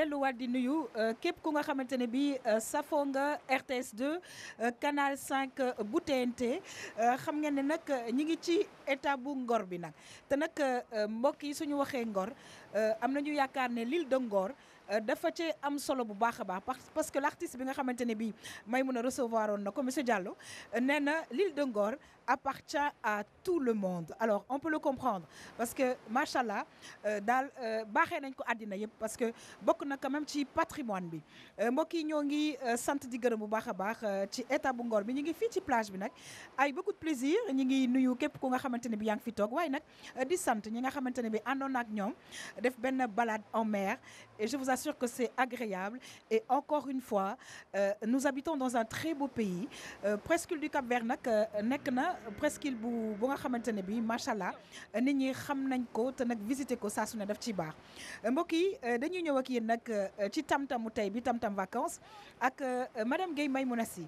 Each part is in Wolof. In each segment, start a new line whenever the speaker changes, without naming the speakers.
delluwaat di nuyu euh, képp ku nga xamante ne bi euh, safoo nga RTS 2 euh, canal 5 bu xam ngeen ne nag ñi ngi ci état bu Ngor bi nag te nag mbokk yi ñu waxee Ngor am na ñu yaakaar ne l'île de Ngor dafa ci am solo bu baax a baax parce que l'artiste bi nga xamante ne bi may mun a recevoir on na ko monsieur Diallo nee na l'île de Ngor appartient à tout le monde alors on peut le comprendre parce que Mashallah, dans euh, daal euh, parce que bokk na quand même ci patrimoine Moi, qui suis ñoo ngi euh, sant di gërëm bu baax ci état bu ngor plage bi nag beaucoup de plaisir je ngi nuyu képp ku nga xamante bi yaa ngi fi toog waaye nag di sant ñi nga benn balade en mer et je vous assure que c'est agréable et encore une fois nous habitons dans un très beau pays presque du Cap-Vert nak nekk na presqu'île bu bu nga xamantene bi machallah nit ñi xam nañ ko te nak visiter ko sa su daf ci baax mbokk yi euh, dañuy ñëw ak yeen nak euh, ci tam tay bi tamtam vacances ak euh, madame gay Maymouna Sy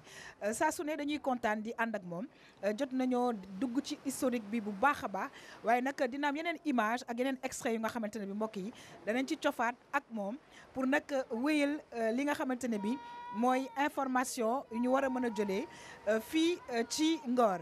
saa su dañuy contane di and ak mom jot nañu dugg ci historique bi bu baaxa ba waye nak nag dina am yeneen image ak yenen extrait yu nga xamantene bi mbokk yi danañ ci cofaat ak mom pour nak wéyal li nga xamantene bi moy information ñu wara mëna jëlé fi ci Ngor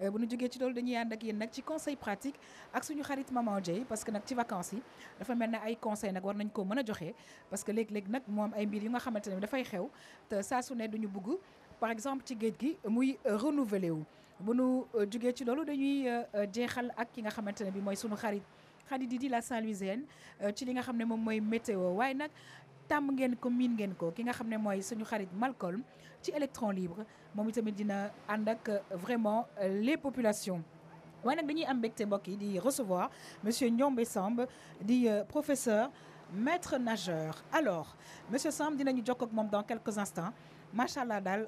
Euh, bu ñu jógee ci loolu dañuy ànd ak yéen nak ci conseil pratique ak suñu xarit maman Dieye parce que nak ci vacances yi dafa melni ay conseil nak war nañ ko mëna joxé parce que lég lég nak mo am ay mbir yu nga xamante da fay xew te sa su ne duñu bugg par exemple ci géej gi muy euh, renouveler wu bu nu euh, jógee ci loolu dañuy jeexal ak ki nga xamante bi moy suñu xarit Khady Didy la Saint-Louisienne ci li nga xam mom moy météo way nak tam ngeen ko min ngeen ko ki nga Malcolm ci électron libre dina euh, vraiment euh, les populations. On recevoir monsieur Nyombe Sambe, euh, professeur maître nageur alors monsieur Samb dinañu jokk ak dans quelques instants macha allah euh,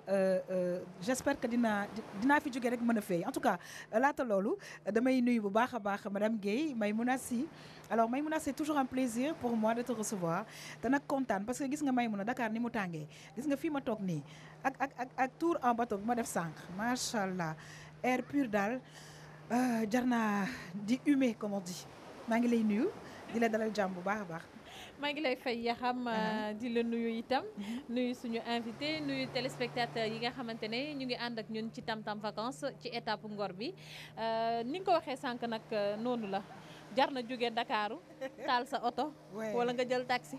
euh, j'espère que dina dina fi jógee rek meuna a en tout cas lata loolu damay nuyu bu baax a madame Gay. Maymouna si. alors Maymouna c'est toujours un plaisir pour moi de te recevoir te nag kontaan parce que gis nga Maymouna Dakar ni mu tàngee gis nga fi ma tok ni ak ak ak ak tour en bateau bima def sank macha allah air pur d'al. euh, jarna di humer comme on dit mangi lay nuyu di la dalal jàmm bu baax
maa ngi lay fay Yakham ah. euh, di la nuyu itam nuyu suñu invité nuyu téléspectateur yi nga xamante ne ñu ngi ànd ak ñun ci Tamtam vacances ci étape ngor bi euh, ni nga ko waxee sànq nag euh, noonu la jar na jóge Ndakaaru taal sa oto wala nga jël taxi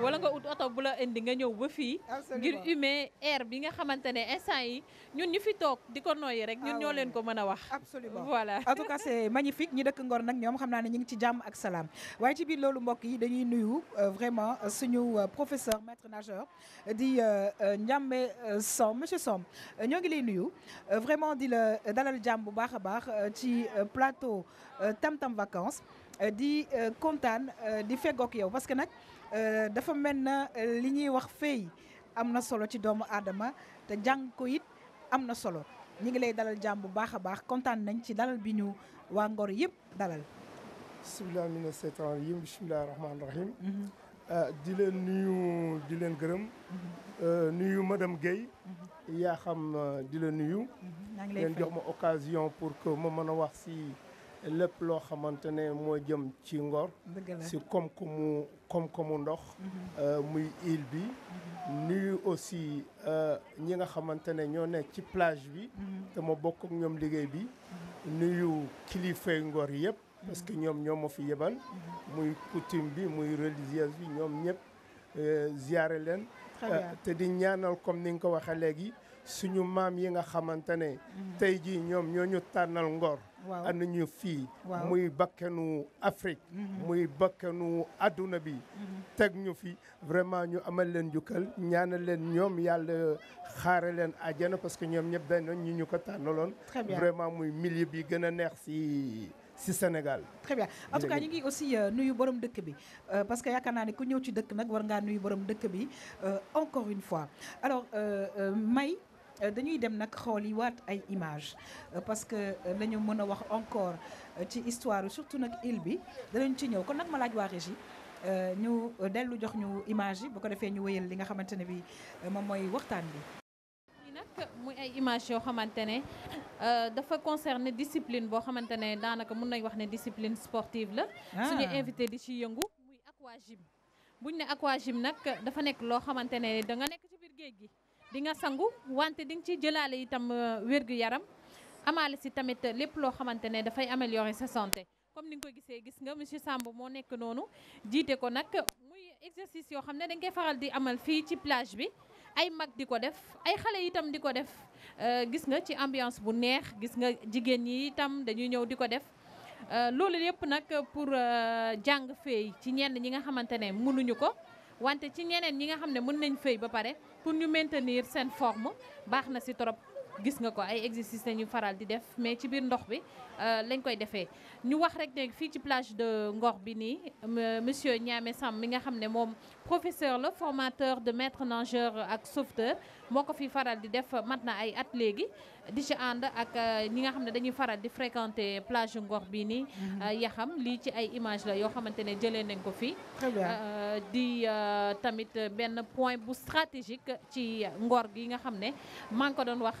wala nga ut auto bu la indi nga ñëw ba fii ngir humer air bi nga xamante ne instant yi ñun ñu fi toog di ko nooyi rek ñun ah ñoo leen ko mën a wax absolument voilà en
tout cas c'est magnifique ñi dëkk Ngor nag ñoom xam naa ne ñu ngi ci jàmm ak salaam waaye ci biir loolu mbokk yi dañuy nuyu euh, vraiment euh, suñu euh, professeur maître nageur di Ndiambé Som monsieur Som ñoo ngi lay nuyu vraiment di la dalal jàmm bu baax a baax ci plateau Tam Tam Vacances di kontaan di feggoog yow parce que nag Euh, dafa mel na euh, li ñuy wax fay am na solo ci doomu aadama te jàng ko it am na solo ñi ngi lay dalal jàmm bu baax a baax kontaan nañ ci dalal bi ñu waa Ngor yëpp dalal
bisimilah mina seytaan rajim bisimilahi rahmaani rahim mhm. euh, di leen nuyu di leen gërëm mhm. nuyu madame Guèye mhm. yaa xam di la nuyu leen jox ma occasion pour que ma mën a wax si lépp loo xamante ne moo jëm ci ngor si kom kom koom-koomu ndox mhm. euh, muy île bi mhm. nuyu aussi euh, ñi nga xamante ne ñoo nekk ci plage bi mhm. te ma bokk ñoom liggéey bi nuyu kilifay ngor yëpp parce que ñoom ñoo ma fi yebal muy coutume bi muy religieuse bi ñoom ñëpp euh, ziyaare leen te di ñaanal comme ni nga ko waxee léegi suñu maam yi nga xamante ne tey jii ñoom ñoo ñu tànnal ngor am nañu fii muy bakkanu Afrique mhm. muy bakkanu aduna bi mhm. teg ñu fi vraiment ñu amal leen jukal ñaanal leen ñom yalla xaare leen àjjana parce que ñom ñep ben ñi ñu ko tànnaloon vraiment muy milieu bi gëna neex
si si Sénégal. très bien en tout cas ñi ngi aussi euh, nuyu borom dëkk bi euh, parce que yakana ni ku ñew ci dëkk nak war nga nuyu borom dëkk bi euh, encore une fois alors May. Euh, dañuy dem nak xooli wat ay image euh, parce que euh, lañu mën a wax encore ci histoire surtout nag île bi danañ ci ñëw kon nag ma laaj waa régie ñu dellu jox ñu image yi bu ko defee ñu wéyal li nga xamante ne bi moom mooy waxtaan bi
ñi nag muy ay image yoo xamante ne dafa concerner discipline boo xamante ne daanaka mun nañ wax ne discipline sportive la ah. suñu invité di ci yëngu muy aquagym buñ ne aquagym nag dafa nekk loo xamante ne da nga nekk ci biir géej gi di nga sangu wante di nga ciy jëlaale itam euh, wérgu yaram amaale si tamit lépp loo xamante ne dafay améliorer sa santé comme ni nga ko gisee gis nga monsieur Samb moo nekk noonu jiite ko nag muy exercice yoo xam ne dañ koy faral di amal fii ci plage bi ay mag di ko def ay xale itam di ko def euh, gis nga ci ambiance bu neex gis nga jigéen ñi itam dañuy ñëw di ko def euh, loolu lépp nag pour jàng fay ci ñenn ñi nga xamante ne mënuñu ko wante ci ñeneen ñi nga xam ne mën nañ fay ba pare pour ñu maintenir seen forme baax na si trop gis nga ko ay exercice ñu faral di def mais ci biir ndox bi euh, lañ koy défé ñu wax rek ne fi ci plage de Ngor bi ni monsieur Niamé Sam mi nga xamné mom professeur la formateur de maître nageur ak sauveteur moko fi faral di def mat ay at légui di ci and ak euh, ñi nga xamné dañuy faral di fréquenter plage Ngor bi ni mhm. euh, ya xam li ci ay image la yo xamantene ne nañ ko fii di tamit benn point bu stratégique ci Ngor gi nga xamné man ko doon wax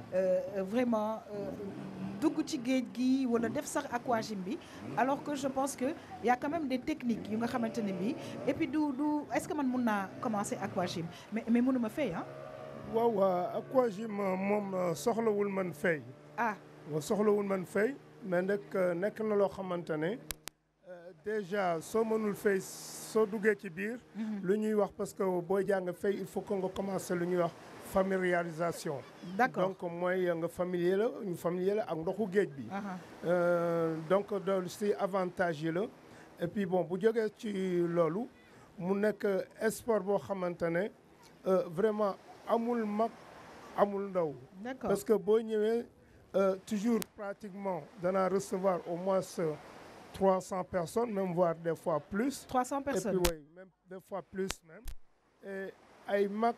Euh, euh, vraiment euh, dugg ci géej wala def sax aquagym bi alors que je pense que il y a quand même des techniques yu nga xamante bi et puis du du est-ce que man mun naa commencer aquagym mais mais mënuma fay ah.
wa aquagym moom soxlawul man fay. ah wa soxlawul man fay mais nek nek na lo xamantene ne. déjà so mënul fay so duggee ci biir. Mhm. luñuy wax parce que boy jang fay il faut que nga commencer luñuy wax familiarisation. d'accord donc je nga familier la ñu familier la ak ndoxu bi. Ah ah. Euh, donc c'est avantage et puis bon bu jógee ci loolu mu nekk sport boo xamante ne euh, vraiment amul mak amul ndaw. parce que boo euh, toujours pratiquement danaa recevoir au moins. 300 personnes, même voire des fois plus. 300 personnes. Et puis, oui, même des fois plus même. Et mak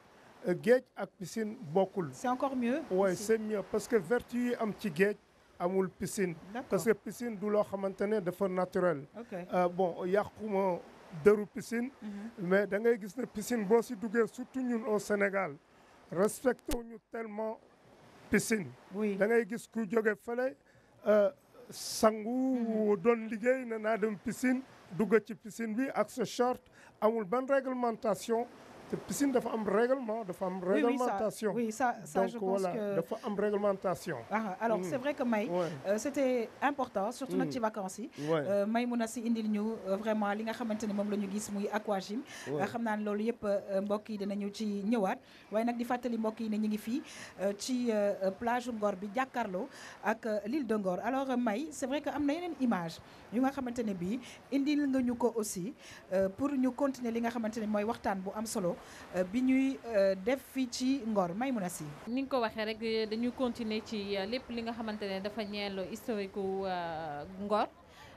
Gage ak piscine beaucoup. c'est encore mieux. oui c'est mieux parce que vertu yi am ci géej amul piscine. parce que piscine du loo xamante ne dafa naturel. Euh, bon yàquma dëru piscine. Mhm. mais da ngay la piscine boo si duggee surtout ñun au Sénégal respecté ñu tellement piscine. oui da ngay gis ku jóge fële euh, sangu mhm. doon liggéey y naa dem piscine dugg ci piscine bi ak sa short amul ban réglementation te piscine dafa am règlement dafa am. réglementation oui ça ça je pense que dafa
am réglementation. Ah, alors c'est hmm. vrai que May. Euh, c'était important surtout notre petit hmm. vacances euh, May mun a euh, vraiment li nga xamante ne moom la ñu gis muy aquagym. xam naa ne loolu yëpp mbokk yi dinañu ci ñëwaat waaye nag di fàttali mbokk yi ne ñu ngi fii ci plage Ngor bi jàkkaarloo ak l'île de Ngor alors May c'est vrai que am na yeneen image yu nga xamante ne bii indil nga ñu ko aussi euh, pour ñu continuer li nga xamante ne mooy waxtaan bu am solo euh, bi ñuy euh, def fii ci Ngor Maïmouna si
ni nga ko waxee rek dañu continuer ci lépp li nga xamante ne dafa ñeelo historique Ngor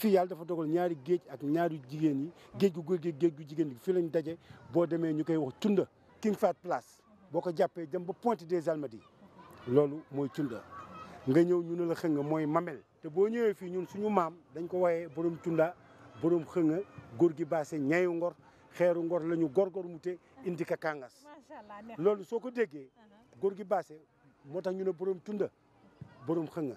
fii yàlla dafa dogal ñaari géej ak ñaari jigéen yi géej gu gi géej gu jigéen gi fii lañ daje boo demee ñu koy wax Tunda King Fahd Place boo ko jàppee jëm ba Pointe des Almadies loolu mooy Tunda nga ñëw ñu ne la xënga mooy mameel te boo ñëwee fii ñun suñu maam dañ ko wayee borom Tunda borom xënga góor gi baase ñayu ngor xeeru ngor la ñu gorgor mute indi ka kàngas loolu soo ko déggee uh-huh. góor gi baase moo tax ñu ne borom Tunda borom xënga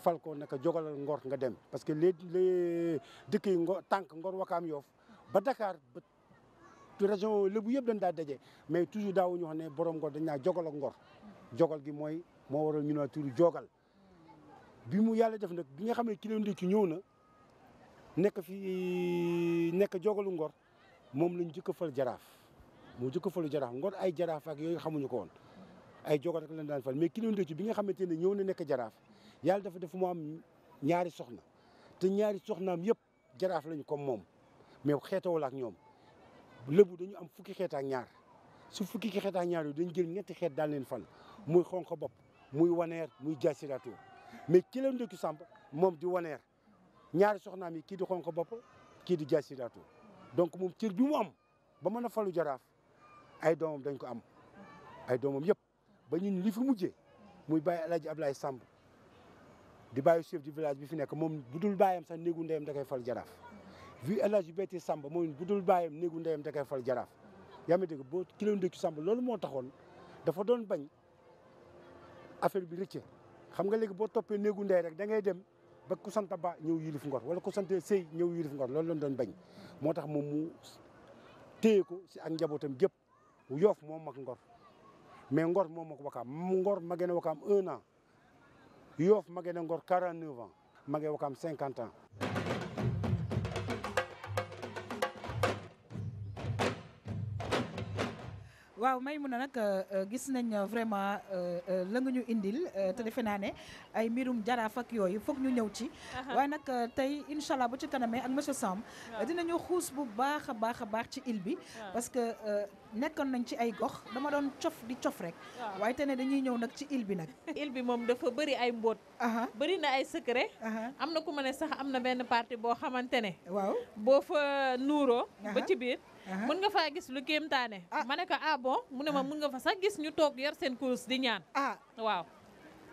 fal ko naka jogalal ngor nga dem parce que les les dëkk yi ngor tànk ngor wakaam yoof ba dakaar ba région lébu yëpp dañ daa daje mais toujours daawuñu wax ne borom ngor dañ naa jogal ak ngor jogal gi mooy moo waral ñu naa turu jogal bi mu yàlla def nag bi nga xamee ne ki leen ci ñëw na nekk fi nekk jogalu ngor moom lañ jëkk fal jaraaf moo jëkk falu jaraaf ngor ay jaraaf ak yooyu xamuñu ko woon ay jogal rek lañ daan fal mais ki leen bi nga xamante ne ñëw na nekk jaraaf yàlla dafa def mu am ñaari soxna te ñaari am yëpp jaraaf lañu comme moom mais xeetawul ak ñoom lébu dañu am fukki xeet ak ñaar su fukki xeet ak ñaar yooyu dañu jël ñetti xeet daal leen fal muy xonq bopp muy waneer muy jaasiraatoo mais ki leen dëkk samp moom di waneer ñaari soxnaam yi kii di xonq bopp kii di jaasiraatoo donc moom cër bi mu am ba mën a falu jaraaf ay doomam dañ ko am ay doomam yëpp ba ñun li fi mujjee muy bàyyi El Hadj Ablaye di bàyyi chef du village bi fi nekk moom bu dul bàyyam sax néegu ndeyam da koy fal jaraaf vu El Hadj Samba moom bu dul bàyyam néegu ndeyam da fal jaraaf yaa ngi dégg boo kilo ndëkki Samba loolu moo taxoon dafa doon bañ affaire bi rëcce xam nga léegi boo toppee néegu ndey rek da ngay dem ba ku sant ba ñëw yilif ngor wala ku sant sëy ñëw yilif ngor loolu lañ doon bañ moo tax moom mu téye si ak njabootam gépp yoof moo mag ngor mais ngor moo mag wakaam ngor ma gën a wakaam un an Yoff magee na Ngor 49 ans magee Wakaam 50 ans
waaw may Maimouna nag euh, euh, gis nañ euh, vraiment la nga ñu indil te mhm. defe naa ne ay mbirum jaraaf ak yooyu foog ñu ñëw ci waaye nag tey incha allah bu ci kanamee ak monsieur dina dinañu xuus bu baax a baax a baax ci île bi parce que nekkoon nañ ci ay gox dama doon cof di cof rek waaye te ne dañuy ñëw nag ci île bi nag île bi moom dafa bëri ay mbóot bari na ay secret am na ku ma ne
sax am na benn partie boo xamante ne waaw boo fa nuuroo ba ci biir mën nga faa gis lu kéemtaane. ah ma ne ko ah bon mu ne ma mën nga fa sax gis ñu toog yar seen kurus di ñaan. ah waaw.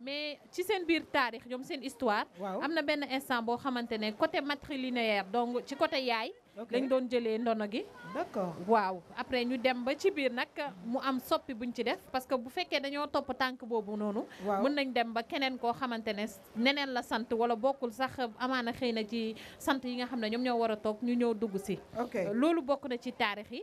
mais ci seen biir taarix ñoom seen histoire. am na benn instant boo xamante ne côté matrilinéaire don ci côté yaay. dañ doon jëlee ndono gi. d'accord waaw après ñu dem ba ci biir nag mu am soppi buñ ci def parce que bu fekkee dañoo topp tànk boobu noonu. mën nañ dem ba keneen koo xamante ne neneen la sant wala bokkul sax amaana xëy na ci sant yi nga xam ne ñoom ñoo war a toog ñu ñëw dugg si. loolu bokk na ci taarix yi.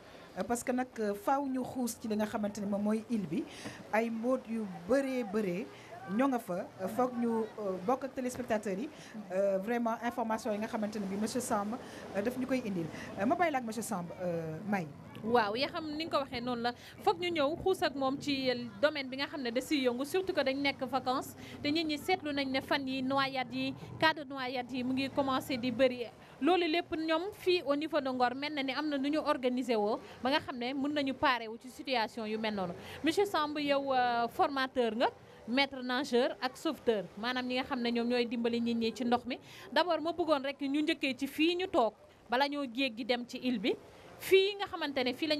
Euh, parce que nak euh, faaw ñu xuus ci li nga xamanteni mom moy mooy île bi ay mode yu béré béré ñoo nga fa euh, foog ñu bokk ak téléspectateurs yi vraiment information yi nga xamanteni bi monsieur Samb daf ñu indil ma bàyyi monsieur Samb May.
waaw yaa xam ni nga ko waxee noonu la foog ñu ñëw xuus ak moom ci domaine bi nga xam ne da siy yëngu surtout que dañ nekk vacances te nit ñi seetlu nañ ne fan yi noyade yi cas de noyade yi mu ngi commencé di bëri loolu lépp ñoom fii au niveau de Ngor mel na ni am na nu ñu organiser woo ba nga xam ne mën nañu paare wu ci situation yu mel noonu monsieur Samb yow euh, formateur nga maître nageur ak sauveteur maanaam ñi nga xam ne ñoom ñooy dimbali nit ñi ci ndox mi d'abord ma bëggoon rek ñu njëkkee ci fii ñu toog bala ñoo jéggi dem ci île bi fii nga xamante ne fii la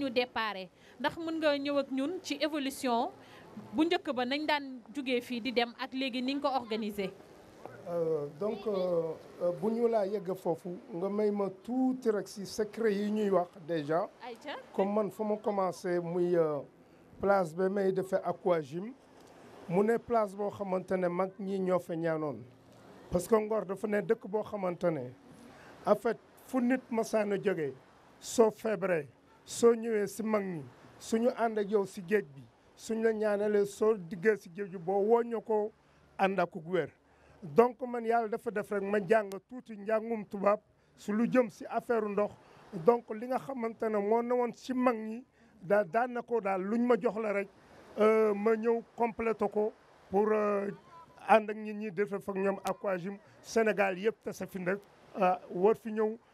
ndax mën nga ñëw ak ñun ci évolution bu njëkk ba nañ daan jugee fi di dem ak légui ni nga organisé organiser.
Euh, donc euh, euh, bu ñu la yegg fofu nga may ma tuuti rek si secret yi ñuy wax déjà. comme man fa commencé muy place ba may defee aquagym mu né place bo xamantene ne mag ñi ñoo fa ñaanoon. parce que Ngor dafa né dëkk bo xamantene en fait fu nit masaan a joggé soo feebaree soo ñëwee si mag ñi suñu ànd ak yow si géej bi suñ la ñaanalee soo diggee si géej bi boo wooññoo ko ànd ak wér donc man yàlla dafa def rek ma jàng tuuti njàngum tubaab su lu jëm si affaire ndox donc li nga xamante ne moo ne woon si mag ñi daal daan na ko daal luñ ma jox la rek euh, ma ñëw complété ko pour euh, ànd ak nit ñi def fa ak ñoom Sénégal yëpp tasa fi nag euh, war fi ñëw.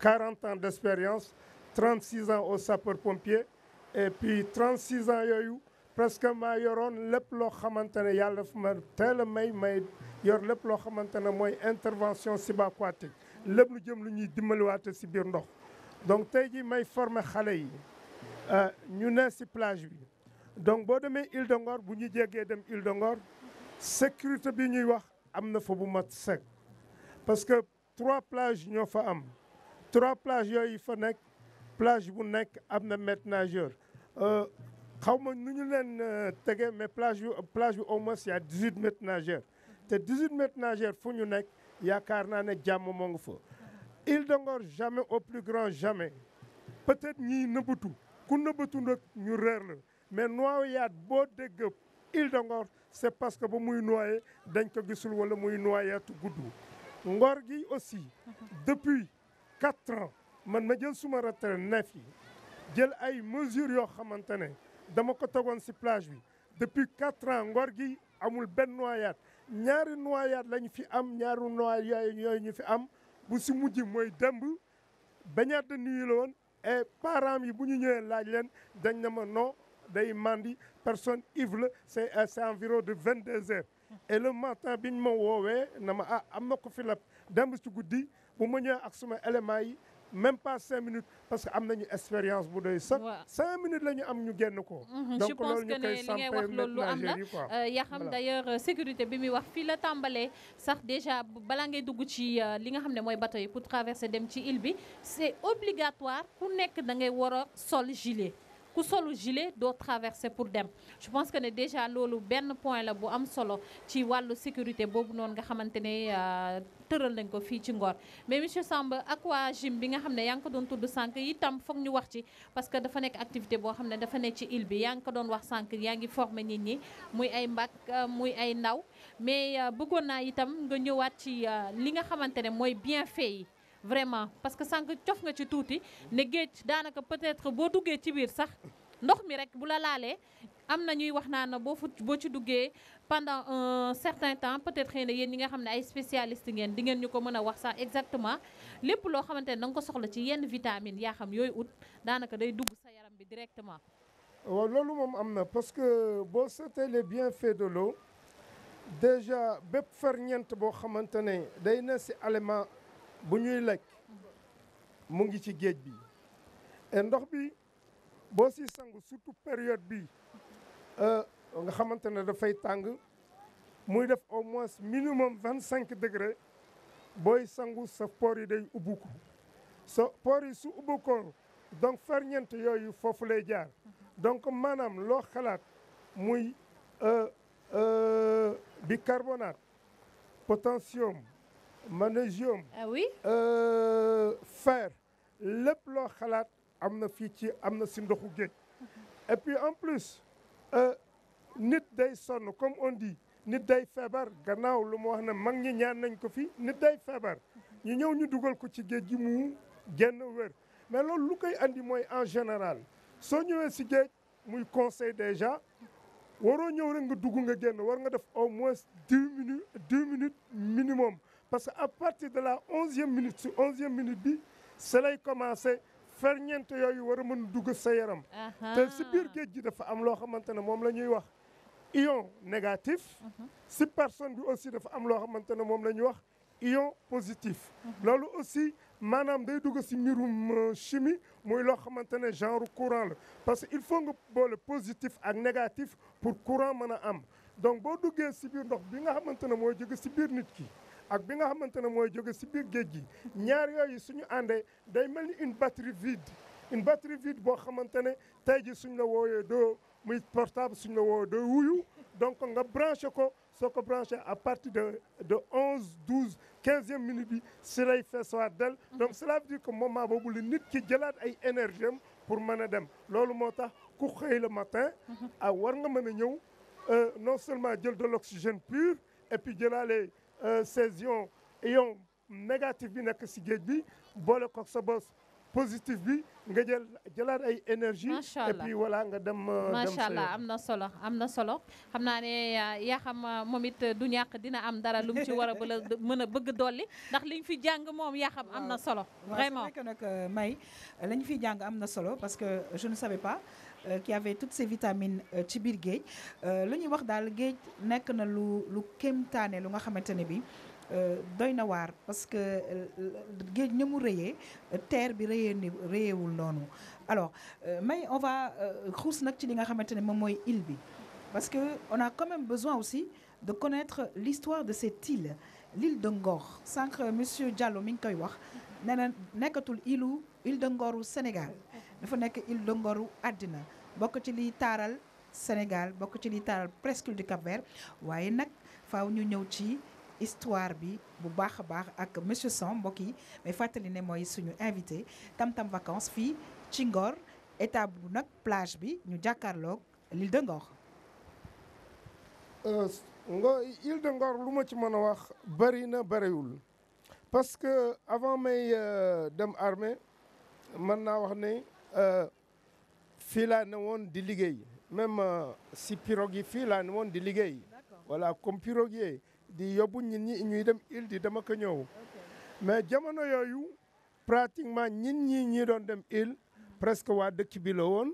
40 ans d'expérience 36 ans au sapeur-pompier et puis 36 ans yoyou, presque ma yoroon lépp loo xamante ne yàlla fu ma may may yor lépp loo xamante ne intervention subaquatique lépp lu jëm lu ñuy dimbaliwaate si bir ndox donc tey jii may former xale yi euh, ñu ne si plage bi donc boo demee Île dongor, Ngor bu ñu jéggee dem Île de sécurité bi ñuy wax am na fa bu mat sec parce que trois plages nous fa am trois plages yoy fa nekk plage bu nek am na maître nageur euh, xaw ma nu ñu leen euh, tege mais plage plage au moins y a 18 mètres nageurs te 18 mètres nageurs fu ñu nekk yaakaar naa ne jàmm moo ngi fa. Île jamais au plus grand jamais peut-être ñiy nebutu ku nëbbatu nak ñu réer la mais noyade bo dégg il de c'est parce que ba muy noyé dañ ko gisul wala muy noyatu guddou Ngor gi aussi depuis quatre ans man suis jël suma retraite jël mesures plage depuis quatre ans ngor amul de noyade ñaari noyade lañ fi am ñaaru noyade yoy ñu fi am bu si mujj moy de la et parents yi bu ñu mandi personne ivre la c'est euh, environ de 22 heures et le matin ma wowe na ah, am ko la bu ma ñëwee ak suma éléments yi même pas 5 minutes parce que am nañu expérience bu doy sax. cinq minutes la ñu am ñu génn ko. Mhm, donc loolu ñu koy sampé ménagères yi quoi euh, yaa xam d'ailleurs
euh, sécurité bi muy wax fii la tàmbalee sax déjà balaa ngay dugg ci euh, li nga xam ne bateau pour traverser dem ci île bi c'est obligatoire ku nekk da ngay war sol gilet ku solu gilet doo traverser pour dem je pense que né déjà lolu benn point la bu am solo ci walu sécurité bobu non nga xamante teural nañ ko fi ci Ngor mais monsieur Samba aquagym bi nga xamné ne yaa ngi ko doon tudd sànq itam foog ñu wax ci parce que dafa nek activité bo xamné dafa nek ci île bi yaa ngi ko doon wax sank yaa former nit ñi muy ay mbak euh, muy ay ndaw mais euh, bëggona naa itam nga ñëwaat ci euh, li nga xamante moy bienfait vraiment parce que sànq tiof nga ci touti ne géej danaka peut-être bo duggee ci bir sax ndox mi rek bu la laalee am ñuy wax na ne bo ci duggee pendant un certain temps peut-être xëy na yéen nga xamné ay spécialiste ngeen di ngeen ñuko mëna wax sax exactement lepp lo xamante nang ko soxla ci yenn vitamine ya xam yoy ut danaka day dugg sa yaram bi directement.
waaw loolu moom am parce que bo c'était les bienfaits de l'eau déjà bépp ferñeent boo xamante ne day na ci aliment. bu ñuy lekk mu ngi ci géej bi et ndox bi boo si sangu surtout période bi euh, nga xamante ne dafay tàng muy def au moins minimum vingt cinq degré booy sangu sa poor yi day ubbu ko sa poor yi su ubbu ko donc ferñeent yooyu foofu lay jaar donc maanaam loo xalaat muy euh, euh, bicarbonate potassium magnésium. ah oui. Euh, fer Le loo xalaat amna na ci et puis en plus euh, nit day son, comme on dit nit day febar. gannaaw ou le wax mangi mag ñi ñaan nañ ko fi nit day febar. ñu ñëw ñu dugal ko ci géej gi mu mais loolu lu koy andi mooy en général soo ñëwee si géej muy conseil déjà Waro ñëw rek nga dugg nga génn war nga def au moins 10 minutes dix minutes minimum parce que à partir de la 11e minute 11e minute bi si lay commencé faire yooyu war a mën a dugg sa yaram. te si biir géej gi dafa am loo xamante ne moom la wax ion négatif. Mhm. si personne bi aussi dafa am loo xamante ne moom wax ion positif. Mhm. loolu aussi maanaam day dugg si mirum euh, chimie muy loo xamante ne genre courant parce que il faut nga le positif ak négatif pour courant mën a am donc boo duggee si biir ndox bi nga xamante ne mooy jóge si biir nit ki ak bi nga xamantene moy mooy ci si biir géej gi ñaar yoy yi suñu andé day melni une batterie vide une batterie vide bo xamantene tay ji suñu la woyé do muy portable suñu la woyé do wuyu donc nga brancher ko soko brancher à partir de de 11 12 15e minute bi si lay feesawaat del donc cela veut dire que moment bobu li nit ki jëlat ay énergie pour mën dem loolu motax ku xey le matin mhm. ah war nga mën a ñëw euh, non seulement jël de l'oxygène pur et puis jëlalé euh, saison ions ion négatif bi nek ci bi sa positif énergie et puis voilà
nga dem euh, solo xam euh, dina am dara lu ci wara bëla
vraiment parce que je ne savais pas euh, qui avait toutes ces vitamines euh, ci biir géej euh, lu ñuy wax dal géej nek na lu lu kemtane lu nga xamante bi euh na war? parce que géej na mu rëyee terre bi rëyee ni rëyeewul alors mais on va xuus nak ci li nga xamante mom moy île bi parce que on a quand même besoin aussi de connaître l'histoire de cette île l'île de Ngor sank monsieur Diallo mi ngi koy wax nee nekatul nekkatul île de Ngor au Sénégal dafa nekk île de ngoru àddina bokk ci Sénégal bokk ci liy taaral presqu'île du Cap-Vert waaye nak faaw ñu ñëw ci histoire bi bu baax baax ak monsieur Samb bokki Mais fatali fàttali ne mooy suñu invité Tam Tam Vacances fi ci Ngor état bu nak plage bi ñu jàkkaarloog l'île de Ngor. Euh, Ngor
île de Ngor lu ma ci mëna wax bari na bëriwul parce que avant euh, dem armée mën wax né euh, fii laa di même euh, si pirogue yi non laa voilà comme piroguier di yobu nit ñi ñuy dem île di dama ko ñew mais jamono yoyu pratiquement nit ñi ñi doon dem île presque wa dekk bi la woon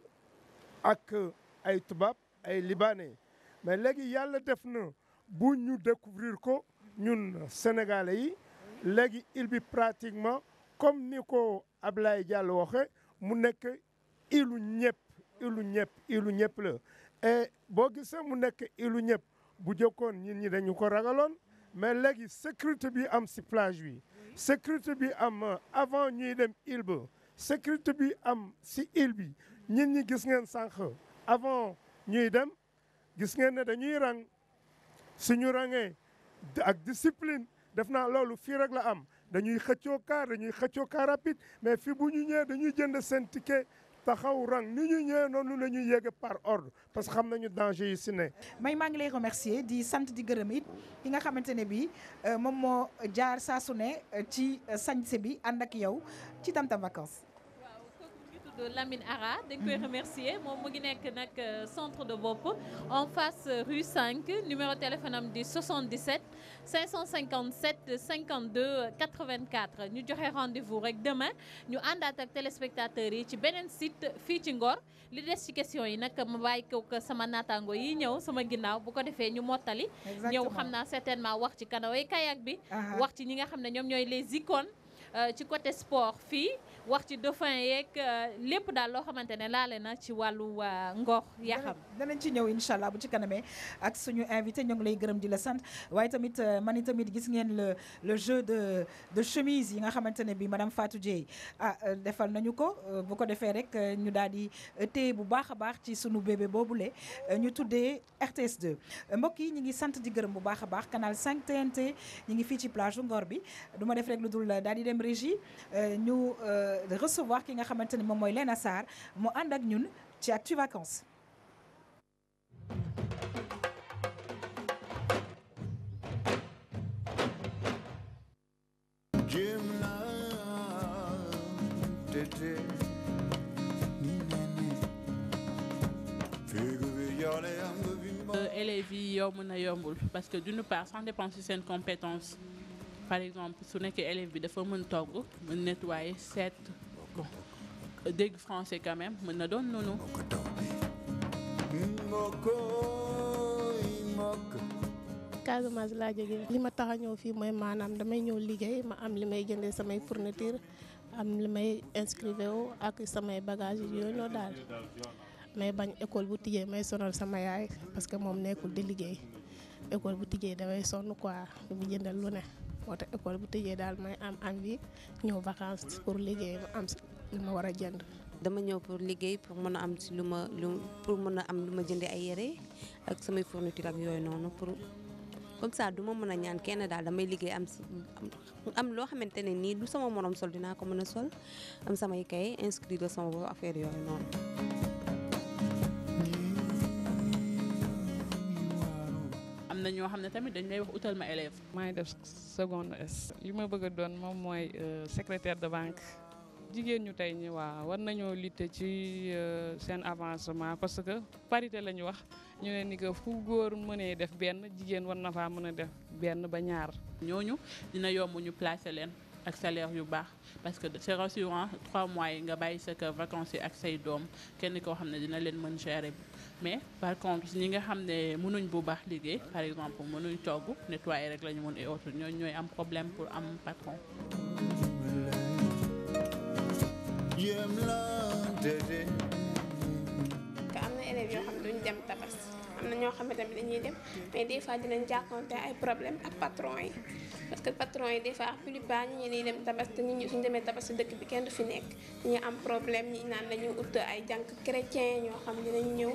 ak euh, ay tubab ay libanais mais légui yalla def na bu ñu découvrir ko ñun sénégalais yi légui île bi pratiquement comme Nico ko Diallo waxe mu nekk ilu ñëpp ilu ñëpp ilu ñëpp la et boo gisee mu nekk ilu ñëpp bu jëkkoon nit ñi dañu ko ragaloon mais léegi sécurité bi am si plage bi sécurité bi am euh, avant ñuy dem île ba bi am si île bi nit ñi gis ngeen sànq avant ñuy dem gis ngeen ne dañuy rang suñu rangee ak discipline def naa loolu fii rek la am dañuy xëccoo kaar dañuy xëccoo kaar rapide mais fi bu ñu ñëwee dañuy jënd seen ticket taxaw rang ni ñu ñëwee noonu la ñuy
yéege par ordre parce que xam nañu danger yi si ne. may maa ngi lay remercier di sant di gërëm it yi nga xamante ne bii euh, moom moo jaar saa su ne euh, ci euh, sañse bi ànd ak yow ci Tam Tam Vacances
de Lamine Ara je koy mhm. remercier moom mu ngi nekk euh, centre de Bop, en face euh, rue 5 numéro téléphone di 77 557 52 84 ñu joxe rendez-vous rek demain ñu àndaat ak téléspectateurs yi ci beneen site fii ci Ngor li des ci question yi nag ma bàyyi ko sama naataango yi ñëw sama ginnaaw bu ko defee ñu mottali ñëw xam naa certainement wax ci canoë kayak bi wax ci ñi nga les icônes euh, ci côté sport fii wax ci dauphin yeeg euh, lépp daal loo xamante ne laale na ci wàllu euh,
ngor yaxam danañ ci ñëw incha allah bu ci kanamee ak suñu invité ñoo lay gërëm di la sant waaye tamit euh, man tamit gis ngeen le le jeu de de chemise yi nga xamante bi madame Fatou Dieye ah defal nañu ko bu ko defee rek ñu daal di téye bu baax baax ci suñu bébé boobule ñu tuddee RTS 2 mbokk yi ñu ngi sant di gërëm bu baax baax canal 5 TNT ñu ngi fii ci plage Ngor bi du ma def rek lu dul daal di dem régie ñu de euh, recevoir qui nga xamante Sar moom mooy Léna Sarr ak ñun ci Actu Vacances
euh, elle est vieille parce que d'une part sans dépenser ses compétence par exemple su est élève bi dafa mën togg mën nettoyer set, bon dégg français quand même mën na doon noonu
Casamance laa jógee li ma tax a ñëw fii mooy maanaam damay ñëw liggéey ma am li may jëndee samay fourniture am li may inscrivé wu ak samay bagage yooyu noonu daal may bañ école bu tijjee may sonal sama yaay parce que moom nekkul di liggéey école bu tijjee damay sonn quoi bu jëndal lu ne moo tax école bu tëjee daal may am envie ñëw vacances
pour liggéey ma am lu ma war a jënd. dama ñëw pour liggéey pour mën a am si lu ma lu pour mën a am lu ma jëndee ay yére ak samay fourniture ak yooyu noonu pour comme ça du ma mën a ñaan kenn daal damay liggéey am si am loo xamante ne nii du sama morom sol dinaa ko mën a sol am samay kay inscrire sama boobu affaire yooyu noonu.
am na ñoo xam ne tamit dañ lay wax utal ma élève maay def seconde S li ma bëgg a doon moom mooy euh, secrétaire de banque jigéen ñu tey ñi waaw war nañoo lutter ci euh, seen avancement parce que parité la ñu wax ñu ne ni que fu góor mënee def benn jigéen war na faa mën a def benn ba ñaar ñooñu dina yomb ñu placer leen ak salaire yu baax parce que c'est rassurant trois mois yi nga bàyyi sa vacances yi ak say doom kenn koo xam ne dina leen mën gérer mais par contre ñi nga xamné mënuñ bu baax liggéey par exemple mënuñ togg nettoyer rek lañu mëne auto autres ñoy am problème pour am patron
am
na élèves xam duñ dem tabas am na xam tamit dañuy dem mais des fois dinañ ay problème ak patron yi parce que patron yi des fois plus bas ñi ñuy dem tabas te tabas dëkk bi am problème ñi naan dañuy ut ay jànk chrétien xam dinañ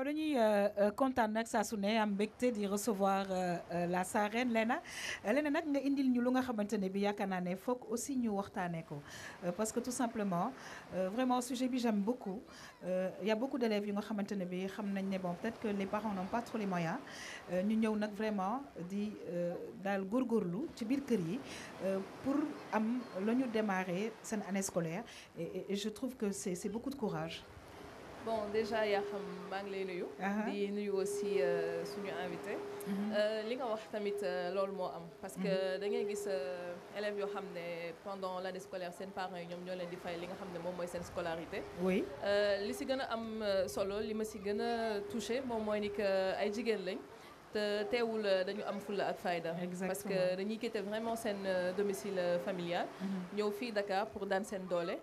waaw a euh, euh, kontaan sa saa am recevoir euh, la Sarène Lena. Lena, nag nga indil ñu lu nga xamante ne bi yaakaar naa ne aussi ñu waxtaanee ko parce que tout simplement vraiment sujet bi j'aime beaucoup il y a beaucoup d'élèves qui nga xamante ne bi xam nañ bon peut-être que les parents n'ont pas trop les moyens Nous avons vraiment di dans le ci biir kër yi pour am démarrer cette année scolaire et je trouve que c'est beaucoup de courage
bon déjà y a maa ngi lay nuyu. di nuyu aussi euh, suñu invité. Mhm. Euh, li nga wax tamit euh, loolu moo am. parce que mhm. da ngay gis élèves yoo xam pendant l' année scolaire seen parents yi ñoom ñoo leen di fay li nga xam ne moom mooy scolarité. oui li si gën am solo li ma si gën a touché moom ni que ay jigéen lañ. te teewul dañu am full ak fayda parce que dañuy quitter vraiment seen domicile familial. Mhm. ñëw fii Dakar pour dans seen dolé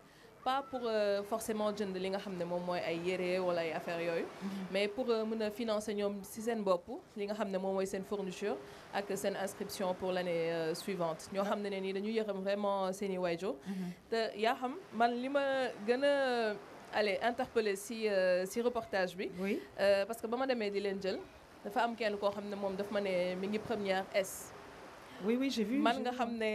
pas pour euh, forcément de li nga xam mom moy ay yéré wala ay affaire yooyu. Mhm. mais pour euh, mën a financer ñom ci sen bop li nga xam mom moy sen seen fourniture ak sen inscription pour l'année euh, suivante ñoo xam ne dañu yërëm vraiment seen wayjo mhm. te ya xam man lima gëna allez interpeller si si euh, reportage bi. oui parce que bama démé demee di leen jël dafa am kenn ko xam mom daf ma mi ngi première S oui oui j'ai vu man nga xam ne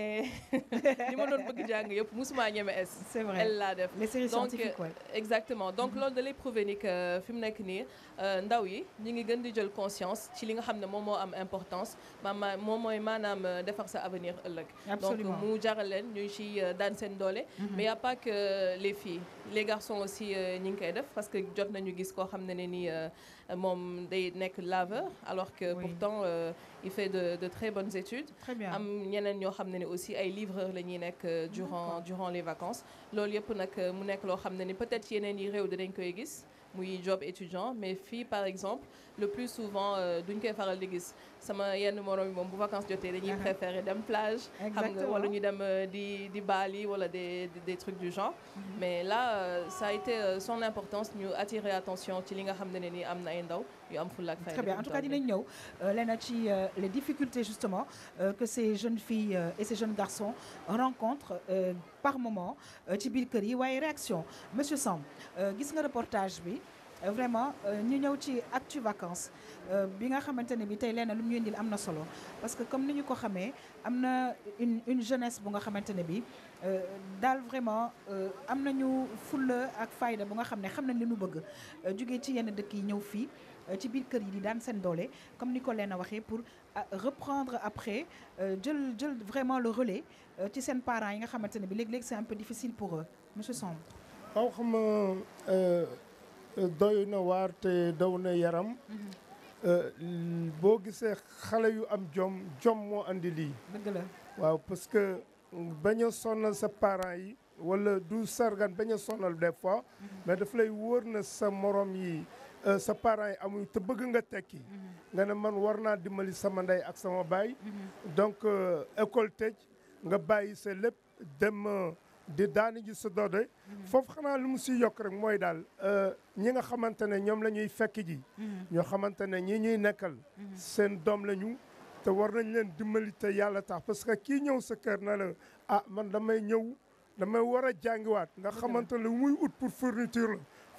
li ma doon bëgg jàng yëpp musuma ñeme es c'est vrai elle l'a def les donc euh, exactement donc lors de l'épreuve prouver ni que euh, fi mu nekk nii euh, ndaw yi ñu ngi gën di jël conscience ci li nga xam ne am importance maama moom mooy maanaam defar sa avenir ëllëg donc mu jaral leen ñuy ci daan seen doole mm-hmm. mais y a pas que les filles les garçons aussi ñu ngi koy def parce que jot nañu gis koo xam ne ne mom, day laveur alors que pourtant euh, il fait de très bonnes études. aussi livreurs euh, durant les vacances. Euh, peut-être job étudiant mais fille par exemple le plus souvent sama yenn morom yi moom bu vacances jotee dañuy préférer dem plage xam nga wala ñu dem euh, di di Bali wala des des trucs du genre mhm. mais là euh, ça a été euh, son importance ñu attirer attention ci li nga xam ne ni am na ay ndaw yu am fulla
ak fay très bien en tout cas dinañ ñëw Lena ci les difficultés justement que ces jeunes filles et ces jeunes garçons rencontrent par moment ci biir kër yi waaye réaction monsieur Samb gis nga reportage bi vraiment euh, ñu ñëw ci vacances euh, bi nga xamantene bi tay nous lu ñu parce que comme nous ko xamé une jeunesse bu nga xamantene euh, vraiment amna ñu ak fayda bu nga xamné li ñu bëgg ci yenn dëkk yi ñëw fi ci biir kër yi di comme ni ko pour reprendre après jël vraiment le relais ci parents c'est un peu difficile pour eux monsieur Samb.
waaw xam doy na waar te daw na yaram mm-hmm. boo gisee xale yu am jom jom moo andi lii waaw parce que bañ a sa parents yi wala du sargan bañ a sonal des fois mm-hmm. mais dafa lay wóor na sa morom yi euh, sa parent yi amuñu te bëgg nga tekki mm-hmm. nga ne man war naa dimbali sama ndey ak sama baay donc euh, école tëj nga bàyyi sa lépp dem euh, di daani ji sa doode foofu xanaa lu mu si yokk rek mooy daal euh, ñi nga xamante ne ñoom lañuy fekk ji mm-hmm. ñoo xamante ne ñi ñuy nekkal mm-hmm. seen doom la ñu te war nañ leen dimbali te yàlla tax parce que kii ñëw sa kër na la ah man damay ñëw damay war a jàngiwaat nga xamante ne muy ut pour fourniture la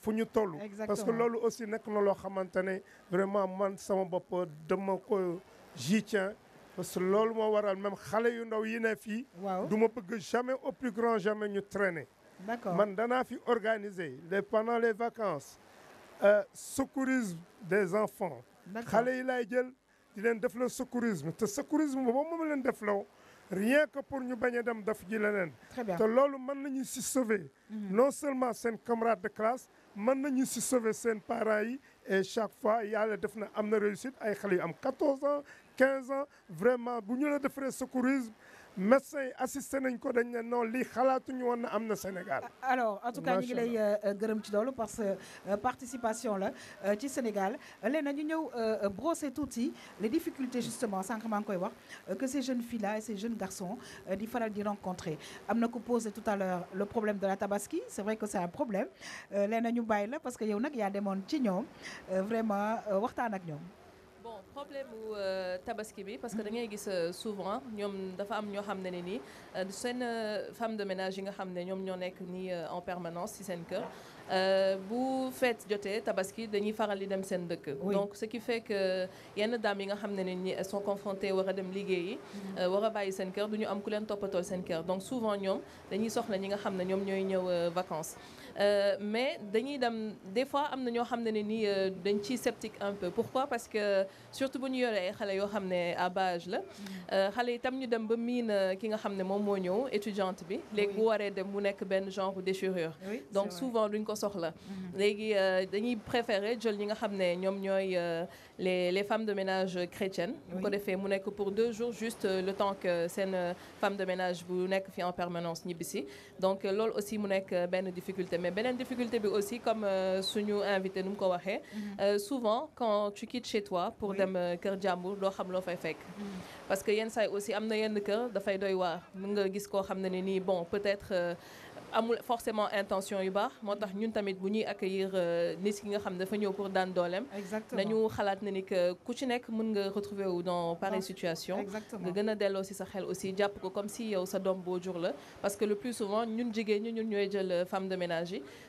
fu ñu parce que loolu aussi nek na loo vraiment man sama bopp dama ko ji tiens parce que loolu mo waral même xalé yu ndaw yi ne fii du ma bëgg jamais au plus grand jamais ñu traîner man dana fi organiser les pendant les vacances euh, secourisme des enfants Xalé yi lay jël di len def le secourisme te secourisme boobu mo len def law rien que pour ñu bañe a dem def ji bien. te loolu man nañu ci sauver mhm. non seulement sen camarade de classe mën nañu si sauver seen parents yi et chaque fois yàlla def na am na réussite ay xale yu am 14 ans quinze ans vraiment bu ñu la defaree secourisme médecin
assisté nañ ko dañ ne non lii xalaatuñu won na Sénégal. alors en tout cas ñi ngi lay euh, gërëm ci loolu parce que euh, participation la euh, ci Sénégal léegi ñu ñëw brosser tuuti les difficultés justement sànq maa koy wax que ces jeunes filles là et ces jeunes garçons di faral di rencontrer amna ko poser tout à l'heure le problème de la tabaski c'est vrai que c'est un problème léegi ñu bàyyi la parce que yow nag yaa démon ci ñom vraiment waxtaan ak ñom
le problème ou euh, tabaski parce que euh, souvent les femmes am ño euh, de ménage en permanence ci vous faites bu fête tabaski dañuy faral donc ce qui fait que yenn dames sont confrontées dem yi wara de sen cœur am ku donc souvent ñom dañuy soxla vacances. Euh, mais dañuy dem des fois am na ñoo xam ne euh, dañ ci sceptique un peu pourquoi parce que surtout bu ñu yoree xale yoo xam ne à bâge la mm-hmm. euh, xale itam ñu dem ba miin ki nga xam ne moom moo ñëw étudiante bi léegi bu waree dem mu nekk benn genre déchirure donc souvent duñ ko soxla mm-hmm. léegi dañuy préférer jël ñi nga xam ne ñoom ñooy les les femmes de ménage chrétiennes ko defee mu nekk pour deux jours juste le temps que seen femme de ménage bu nekk fi en permanence ñibbisi donc loolu aussi mu nekk benn difficulté mais difficulté aussi comme euh, invité nous mhm. euh, souvent quand tu quittes chez toi. pour dem cœur euh, xam ne fay pas mhm. parce que yenn aussi doy bon peut-être amul forcément intention yu baax motax ñun tamit bu ñuy accueillir euh, nit ki nga xam ne dafa ñëw pour daan dooleem. exactement nañu xalaat ne ni que ku ci nekk mën nga retrouver wu dans pareille situation. exactement nga gën a delloo si sa xel aussi jàpp ko comme si yow sa doom boo jur la. parce que le plus souvent ñun jigéen ñi ñun ñooy jël euh, femme de ménage yi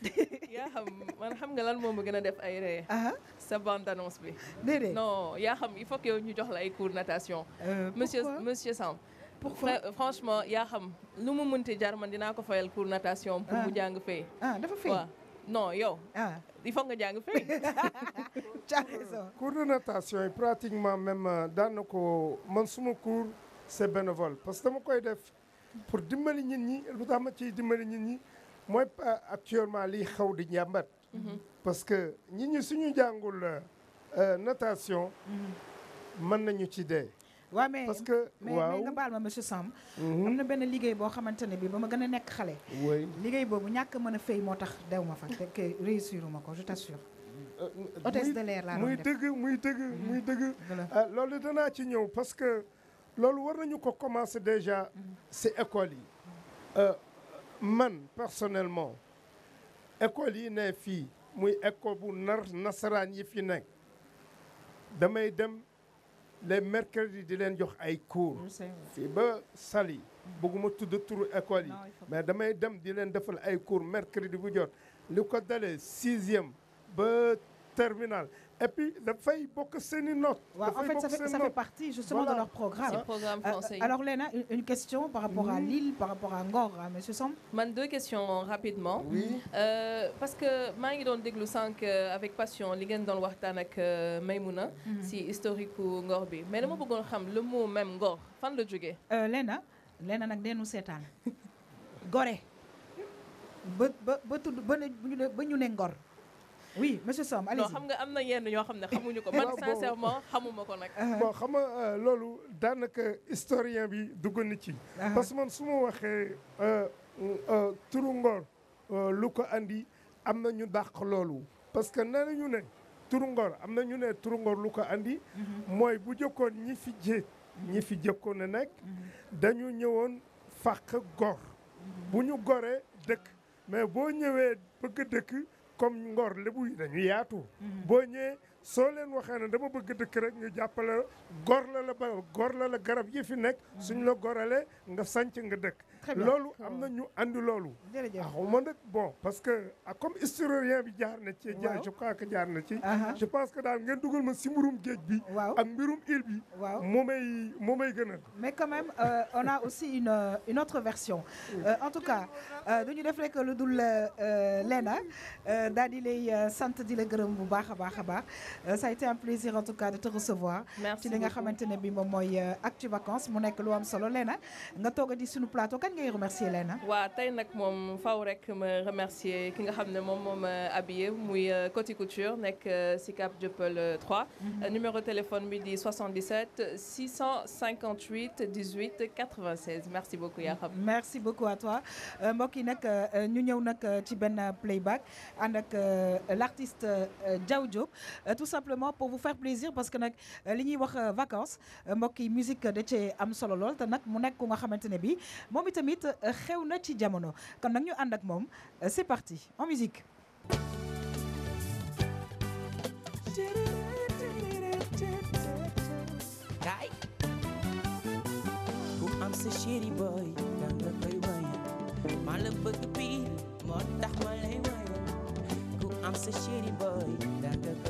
yaa xam man
xam nga lan moom ma gën
a def ay ree sa bande annonce bi. déedéet non yaa xam il faut que ñu jox la ay cours natation. Euh, monsieur monsieur Sam. pourquoi franchement yaa xam lu mu mënti jar man dinaa ko fayal cours natation. pour ah. mu jàng fay. ah dafa fay non yow. ah il faut nga jàng fay.
cours de natation yi pratiquement même euh, daan na ko man suma cours c' est bénévole parce que dama koy def pour dimbali nit ñi lu tax ma ciy dimbali nit ñi mooy actuellement li xaw di njàmbat mhm. parce que
ñi ñu suñu jàngul natation mën mhm. nañu ci dé wa mais parce que waaw mais nga bal ma monsieur sam mhm. amna na benn liggéey boo xamante bi bama gëna gën xalé nekk xale liggéey boobu ñàkk mën a fay moo tax fa té réussir ma ko je t'assure euh, hôtesse de l'air laa muy dëgg
muy dëgg muy dëgg ah, loolu danaa ci ñew parce que lolu war nañu ko commencer déjà si école yi euh man personnellement école yi ne fii école bu nar fi damay dem les mercredis di jox ay cours ba école mais damay dem cours mercredi bu jot 6 sixième ba terminal et puis le bokk que c'est note. waaw en fait ça fait ça fait partie justement de leur programme.
Euh, alors Léna une question par rapport à Lille par rapport à Ngor hein, monsieur Sam
man deux questions rapidement. oui euh, parce que maa don doon déglu euh, avec passion li dans doon avec ak Maïmouna, mhm. si historique ou Ngor bi mais dama mhm. bëggoon xam
le mot même Ngor fan le jógee. Léna Léna nag deenu Goré. Bonne ba ba ba tudd ba ne ba Ngor. oui monsieur Sam allez xam
nga am na yenn yoo xam ne xamuñu ko eh, man sincèrement xamuma ko nag. Uh-huh. bon xam
nga euh, loolu
daanaka historien bi dugg na ci. Uh-huh. parce que man su ma waxee euh, euh, turu ngor lu ko andi am na ñu dàq loolu. parce que nee nañu ne turu ngor am na ñu ne turu lu ko indi uh-huh. mooy bu jëkkoon ñi fi jé fi jëkkoon a nekk. dañu ñëwoon fàq gor. bu ñu goree dëkk mais boo ñëwee bëgg dëkk. comme ngor lébu yi dañu yaatu mm-hmm. boo soo leen waxee ne dama bëgg dëkk rek ñu jàppale gor la la gor la la garab yi fi nekk mm. suñ la goralee nga sanc nga dëkk loolu am na ñu andi loolu axuma ah, nag bon parce que ah, comme historien bi jaar na ci jaar je crois que
jaar na ci je pense que daal ngeen dugal ma si mbirum géej bi ak mbirum île bi waaw moo gënal mais quand même euh, on a aussi une euh, une autre version euh, en tout cas duñu def rek lu dul leena daal di lay sant di la gërëm bu baax a baax a baax euh, ça a été un plaisir en tout cas de te recevoir. merci ci li nga xamante ne bi moom mooy euh, Actu Vacances mu nekk lu am solo Lena. nga toog di suñu plateau kan ngay remercier Lena?
Wa tay nak mom faw rek ma remercier ki nga xamne mom mom moom euh, habillé muy Coty Couture nekk Sicap Dieuppeul 3. Mhm. numéro de téléphone bi di 77 658 18 96 merci beaucoup ya Yaram. merci beaucoup à toi
mbokk nak ñu ñew nak ci ben playback and ak l'artiste Diaw Diop tout simplement pour vous faire plaisir parce que nak euh, liñuy wax euh, vacances euh, mbokk yi musique da ci am solo lol te nak mu nek ko nga xamante bi momi tamit xewna ci jamono kon nak ñu and ak mom c'est parti en musique
gaay ku am sa chéri boy Dan la koy waye maa la bëgg bii moo tax ma lay waye ku am sa chéri boy Dan la koy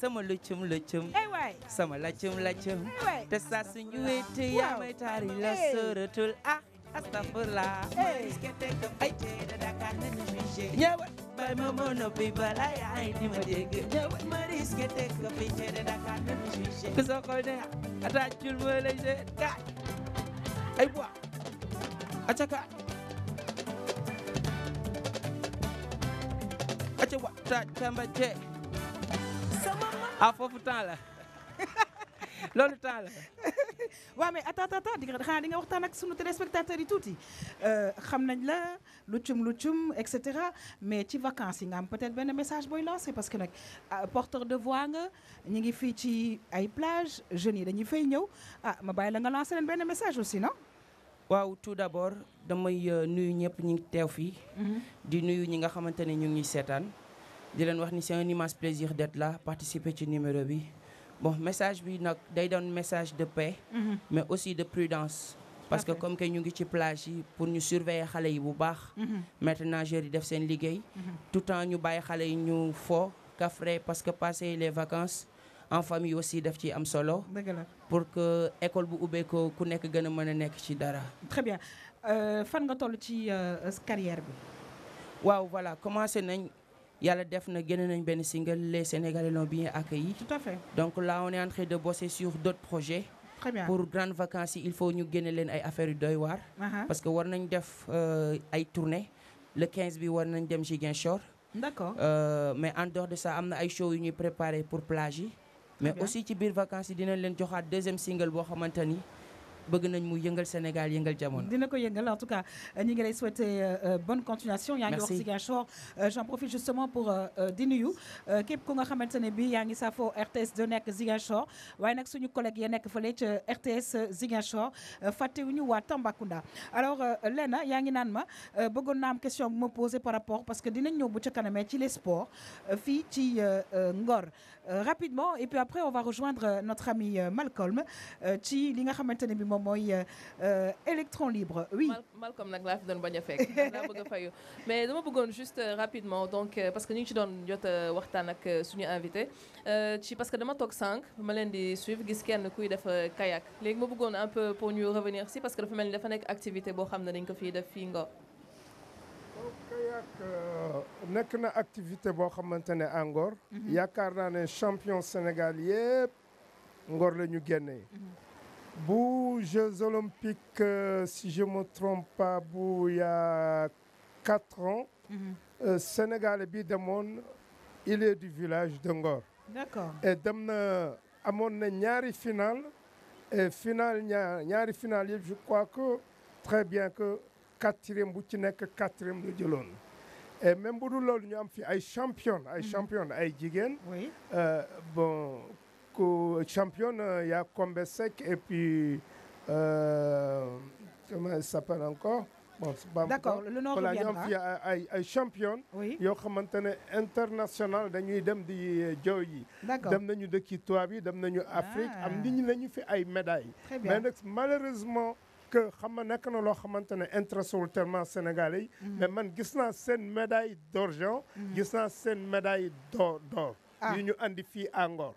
sama luchum luchum sama lachum lachum tesa sunyue te ya mai tari la suratul ah astagfirullah nyawa bai mama no bi bala ya ai ni madege nyawa maris ke te ko bi te da ka no shishe kuso ko ne ata chul mo le je ka ai bua achaka acha wa ta chamba je ah foofu temps là. loolu temps la.
Wa mais attends attends di nga nga ak sunu téléspectateurs yi euh, xam nañ la et mais ci vacances yi nga peut-être un message boy lancer parce que nak ah, porteur de voix nga ñi ngi fi ci ay plage jeunes yi dañuy fay ñew ah ma bay la nga lancer un message aussi non.
waaw tout d'abord damay euh, nuyu ñëpp ñi teew fii. Mm-hmm. di nuyu ñi nga xamante ñu ngi seetaan wax c'est un immense plaisir d'être là participer ce numéro bi bon message est un message de paix mhm. mais aussi de prudence parce que comme que ñu ngi ci plage pour ñu surveiller xale yi maintenant, j'ai maître mhm. nageur yi def mhm. tout temps nous avons fait yi ñu fo frais, parce que passer les vacances en famille aussi daf ci am solo pour que école bu en ko ku se faire. dara
très bien euh, fan nga toll ci euh, carrière bi
waaw voilà commencé nañ Yalla def na nañ single les Sénégalais l'ont bien accueilli. donc là on est en train de bosser sur d'autres projets. pour grandes vacances il faut ñu nous len ay affaires de doy parce que war nañ def euh, ay tournées le 15 bi war nañ dem euh, mais en dehors de ça nous ay show yu ñuy pour plage mais aussi ci biir vacances yi dinañ len un deuxième single pour xamante bëgg nañ mu yëngal Sénégal yëngal jamono.
dina ko yëngal en tout cas ñi ngi lay souhaiter euh, euh, bonne continuation. merci yaa ngi wax Ziguinchor euh, j'en profite justement pour di nuyu képp ku nga xamante ne bii yaa ngi safo RTS de nekk Ziguinchor waaye nag suñu collègue ya nekk fële ca RTS Ziguinchor fàttewuñu waa Tambacounda. alors Lena yaa ngi naan ma bëggoon naa am question bu ma posé par rapport parce que dinañ ñëw bu ca kanamee ci les sports fii ci Ngor rapidement et puis après on va rejoindre notre ami Malcolm ci li nga xamante ne bii moom mooy euh, euh, électron libre oui.
Malcolm nag laa fi doon bañ a fekk. laa bëgg a fayu mais dama bëggoon juste euh, rapidement donc parce que ñu ngi ci doon jot waxtaan ak suñu invité. ci parce que dama toog sànq ma leen di suivre gis kenn kuy def kayak léegi ma bëggoon un peu pour ñu revenir si parce que dafa mel ni dafa nekk activité boo xam ne dañ ko fii def fii Ngor.
Oh, kayak nekk na activité boo xamante ne à Ngor. Mhm. yaakaar naa ne champion Sénégal yëpp Ngor la ñu génnee. Mhm. Pour Jeux Olympiques, euh, si je ne me trompe pas, pour il y a 4 ans, mm -hmm. euh, Sénégal bi il est du village de Ngor. D'accord. Et dem à mon na ñaari final et final ñaar ñaari final je crois que très bien que quatrième bu ci 4 quatrième de Dillon. et même bu nous avons ñu am fi ay championne ay mhm. championne ay oui euh, bon champion, il euh, y a Combesec et puis. Euh, comment elle s'appelle encore bon, D'accord, le Nord reviendra. Il y a une euh, international qui est internationale dans le Djoyi. D'accord. Dans le Kitouabi, dans l'Afrique, ah. nous avons des médailles. Très bien. Mais malheureusement, que xam nga na lo xamante ne tellement Sénégalais mhm. mais man gis na seen médaille d'argent. Mhm. gis na seen médaille d'or d'or. Ah. ñu andi fi encore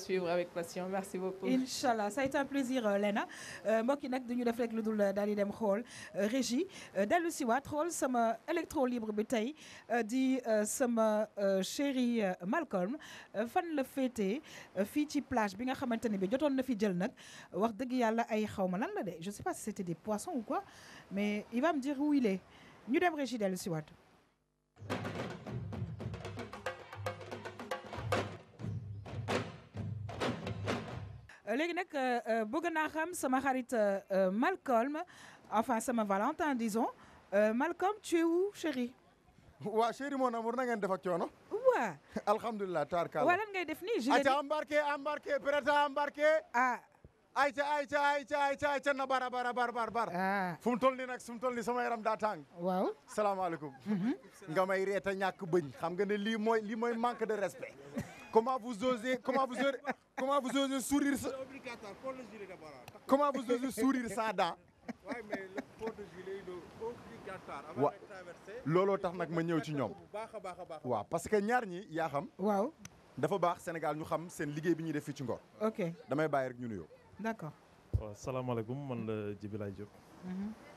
suivre avec passion merci beaucoup. Inch'Allah.
ça a été un plaisir Lena Moi qui nag du de def rek lu dul euh, dem xool euh, régie euh, dellu si waat sama électro libre bi tey di sama chérie Malcolm fan le fêter, fii ci plage bi nga xamante ne bi jotoon na fi jël nag wax dëgg ay lan la je sais pas si c'était des poissons ou quoi mais il va me dire où il est ñu dem régie dellu léegi nag euh, euh, bëgg naa xam sama xarit euh, Malcolm enfin sama Valentin disons Malcolm tu es où chéri waa chéri mon amour na ngeen def ak coono. waaw. alhamdulilah taar kaala. waaw lan ngay def nii.
ayca embarqué embarqué prêt à embarquer. ah. ayca ayca ayca ayca ayca na bara bara bara bara. ah. fu mu toll nii nag su mu toll nii sama yaram daa tàng. waaw salaamaaleykum. Mhm. nga may reeta ñàkk bëñ xam nga ne lii mooy lii mooy manque de respect. Comment vous osez, comment vous osez, comment vous osez sourire ça obligatoire, pour le gilet d'abord. Hein. Comment vous osez sourire ça là Oui, mais le port de gilet, il est obligatoire avant de traverser. looloo tax nak ma ñëw ci ñom wa parce que ñaar ñi ya xam. waaw. dafa baax Sénégal ñu xam sen liggéey bi ñuy def fi ci Ngor. ok damay bay rek ñu nuyo d'accord. waaw salaamaaleykum man la Djibilaye Diop. Mm-hmm.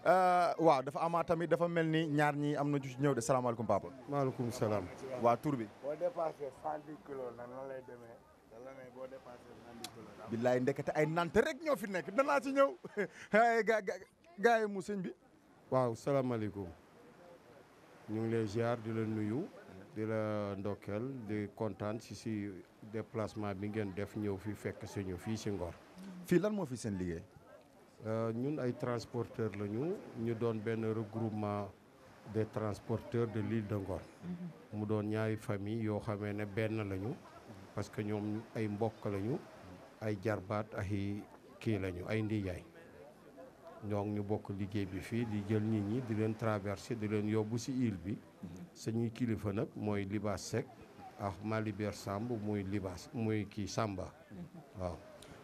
Euh, waaw dafa amaat tamit dafa mel ni ñaar ñi am na ci ñëw de salaamaaleykum papa. maaleykum salaam. waa tur bi.
boo dépassé cent dix kilos
ay nante rek ñoo fi nekk danaa ci ñëw ga gaa yi mu sëñ bi. waaw salaamaaleykum. ñu ngi lay ziar di la nuyu.
di la ndokkeel di kontaan si si déplacement bi ngeen def ñëw
fi fekk suñu fii si Ngor. fii lan moo fi seen liggéey. Euh, ñun ay transporteurs lañu ñu doon benn regroupement des transporteurs de l'île de Ngor. Mhm.
mu doon ñaari famille yoo xamee ne benn lañu. parce que ñoom ay mbokk lañu. ay jarbaat ay kii lañu ay ndiyaay donc ñu bokk liggéey bi fii di jël nit ñi di leen traverser di leen yóbbu ci île bi. Mhm. suñuy kilifa
nag mooy Libaas Seck ak Malibert Samb muy Libaas muy kii Samba mhm. waaw.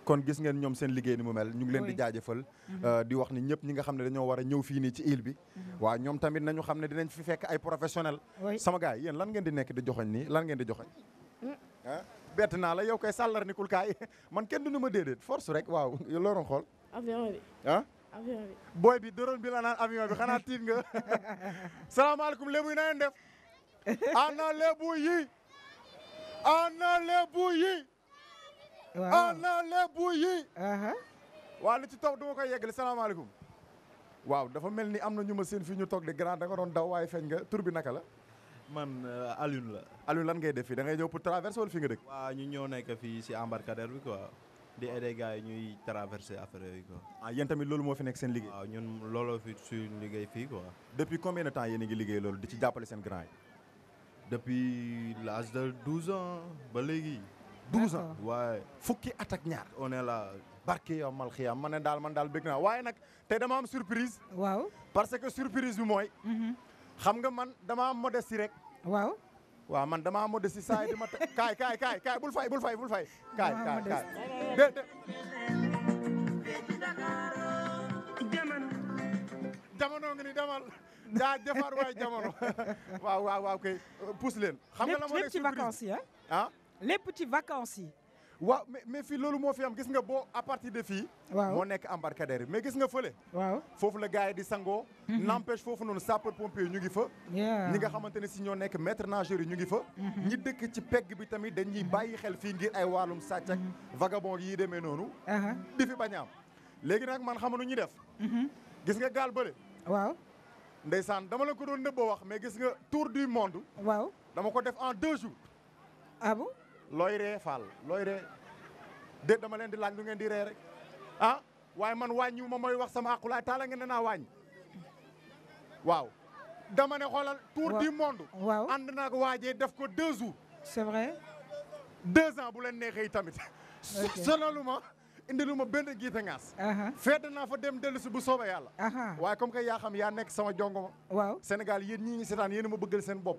kon gis ngeen ñoom seen liggéey ni mu mel ñu ngi leen di jaajëfal mhm. euh, di wax ni ñëpp ñi nga xam ne dañoo war a ñëw fii nii ci île bi mhm. waaw ñoom tamit nañu xam ne dinañ fi fekk ay professionnel sama gars yéen lan ngeen di nekk di joxoñ nii lan ngeen di joxoñ mm. bett naa la yow koy sàllar nikul kaay man kenn duñu ma déedéet force rek waaw looroon xool avion bi bi booy bi dërën bi la naan avion xanaa tiit nga salaamaaleykum lébu yi na ngeen def ana lébu yi ana ah, lebu yi waaw li ci taw duma koy yeggali salaamaaleykum waaw dafa mel ni am na ñu ma seen ñu toog de grand da doon daw waaye feeñ nga tur bi naka la man euh, Alioune la Alioune lan ngay def fii dangay ngay ñëw pour traverser fi nga dëkk waaw ñu ñëw nekk fii si embarcadère bi quoi di aider gars yi ñuy traverser affaire yooyu quoi ah yéen tamit loolu moo fi nekk seen liggéey waaw ñun looloo fi suñu liggéey fii quoi depuis combien de temps yéen a ngi liggéey loolu di ci jàppale depuis l'âge de 12 ans ba léegi 12 ans fukki tu on est là surprise parce que surprise bi mooy mhm. xam nga man dama am rek waaw man dama am modestie dama kaay kaay Tu es bul fay bul fay bul fay Les petits vacances yi. mais mais part que the fi am gis nga bo à partir de fi waaw moo nekk embarcadère mais gis nga feulé waaw la gars di mhm. n'empêche fofu non sapeur pompier ñu ngi fa. ñi nga xamantene ñoo nek maître nageur ñu ngi fa. Mhm. ñi dëkk ci pegg bi tamit dañuy bayyi xel fi ngir ay walum mhm. vagabond yi démé nonu uh-huh. di fi bañam a nak man xamnu ñi def. gis nga gal beulé waaw. dama la ko doon wax mais gis nga tour du monde. waaw dama ko def en deux jours. ah bon looy ree faal looy ree de dama leen di laaj lu ngeen di ree rek ah waaye man wàññiwu ma mooy wax sama aqulaay taala ngeen ne naa wàññ waaw dama ne xoolal tour du monde waaw ànd naag waajee def ko deux jours c'est vrai deux ans bu leen neexee tamit sonalu ma indilu ma benn giite ngaas feete naa fa dem dellu si bu soobee yàlla waaye comme que yaa xam yaa nekk sama jongoma waaw Sénégal yéen ñii ñu seetaan yéen a ma bëggal seen bopp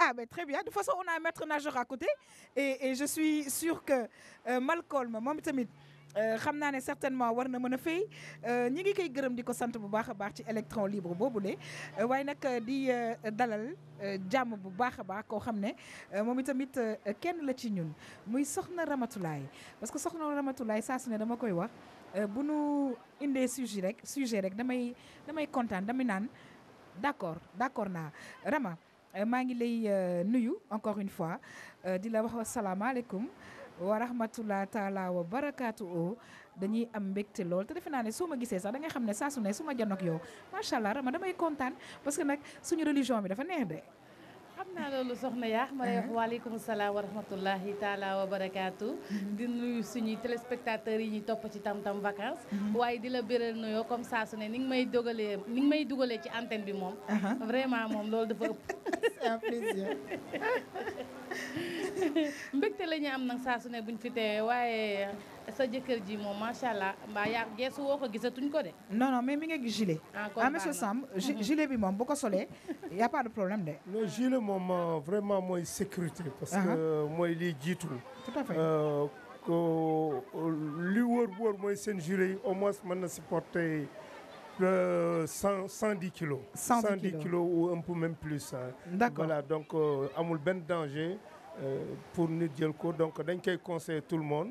Ah ben très bien. De toute façon, on a un maître nageur à côté et, je suis sûre que euh, Malcolm moom tamit euh, xam certainement war na a euh, ñi ngi gërëm de sant de baax ci électron libre boobu le euh, waaye di dalal nous, bu baax un baax que nous, je suis un kenn la ci ñun muy soxna que soxna dama koy wax bu sujet rek sujet rek d'accord d'accord Rama. Euh, maa ngi lay euh, encore une fois euh, di la wax wasalaamaaleykum wa rahmatullah taala wa barakaatu dañuy am mbégte lool te defe naa ne suma sax da nga xam ne saa su ne suma ma janook yow macha damay parce que nag suñu religion bi dafa neex de.
xam naa loolu soxna yaax ma lay wax waaleykum salaam wa rahmatullahi wa barakaatu. di nuyu suñuy téléspectateurs yi ñuy topp ci tam tam vacances. waaye di la béral nuyoo comme saa su ne ni nga may dogalee ni may dugalee ci antenne bi moom. vraiment moom loolu dafa ëpp. c'est un la ñu am nag saa su ne buñ fi teewee waaye. Non, non, mais il y a gilet. Ah, ah monsieur Sam, mm-hmm.
gilet, beaucoup de soleil, il n'y a pas de problème. Le gilet, moi, euh, vraiment, moi, sécurité, parce que
moi, il est dit tout. Tout à fait. Lui, le pour moi, c'est gilet, au moins, maintenant, c'est porté 110 kilos. 110, kilos. ou un peu même plus. Hein. D'accord. Voilà, donc, il y a un danger euh, pour nous dire le coup. Donc, je conseille tout le monde.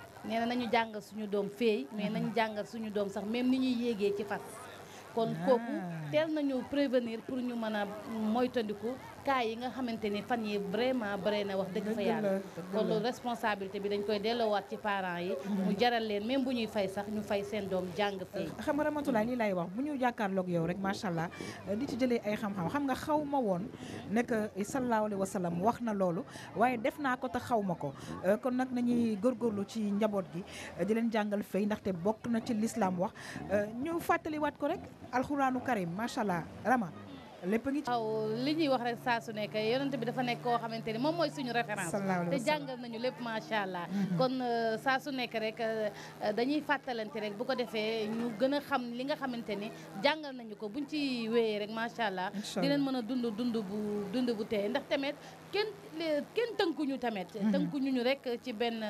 nee na nañu jàngal suñu doom féey mais nañu jàngal suñu doom sax même ni ñuy yéegee ci fas kon kooku ah. teel nañu prévenir pour ñu mën a moytandiku kaay yi nga xamante ni fan yi vraiment bare na wax dëgg fa yàlla kon loolu responsabilité bi dañ koy delloowaat ci parents yi mu jaral leen même bu ñuy fay sax ñu fay seen doom jàng fay
xam nga Ramatoulaye lii lay wax bu ñu jàkkaarloog yow rek macha allah di ci jëlee ay xam-xam nga xaw ma woon nekk sallallahu alayhi wa sallam wax na loolu waaye def naa ko te xaw ma ko euh, kon nag nañuy góorgóorlu ci njaboot gi di leen jàngal fay ndaxte bokk na ci lislaam wax euh, ñu fàttaliwaat ko rek alxuraanu karim macha allah rama lépp ngi ci.
li ñuy wax rek saa su nekk yonent bi dafa nekk koo xamante ni moom mooy suñu référence. te jàngal nañu lépp macha allah. Mm-hmm. kon euh, saa su nekk rek euh, euh, dañuy fàttalante rek bu ko defee ñu gën a xam li nga xamante ni jàngal nañu ko buñ ci wéyee rek macha allah. di leen mën a dund dund bu dund bu tey ndax tamit kenn kenn tënkuñu tamit. Mm-hmm. tënkuñu ñu rek ci benn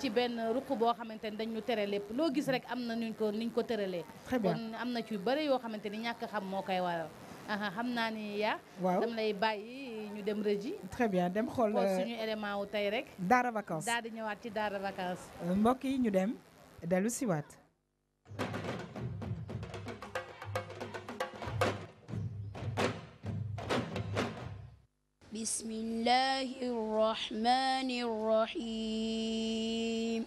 ci benn ruq boo xamante ni dañu tere lépp loo gis rek am na nuñ ko nuñ ko tëralee. kon am na ci yu bëri yoo xamante ni ñàkk xam moo koy waral. xam naa ni yaa. waaw dama lay bàyyi ñu
dem rëji. très bien dem xool suñu
élément wu tey rek.
Daara Vacances daal di
ñëwaat ci Daara Vacances.
mbokk yi ñu dem dellu siwaat
بسم الله الرحمن الرحيم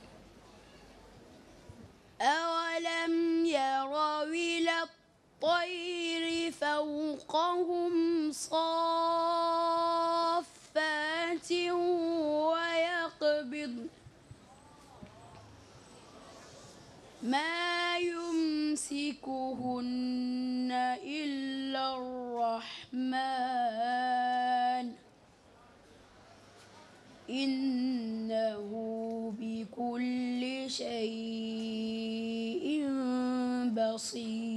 أولم يروا إلى الطير فوقهم صافات ويقبض ما يمسكهن إلا الرحمن إنه بكل شيء
بصير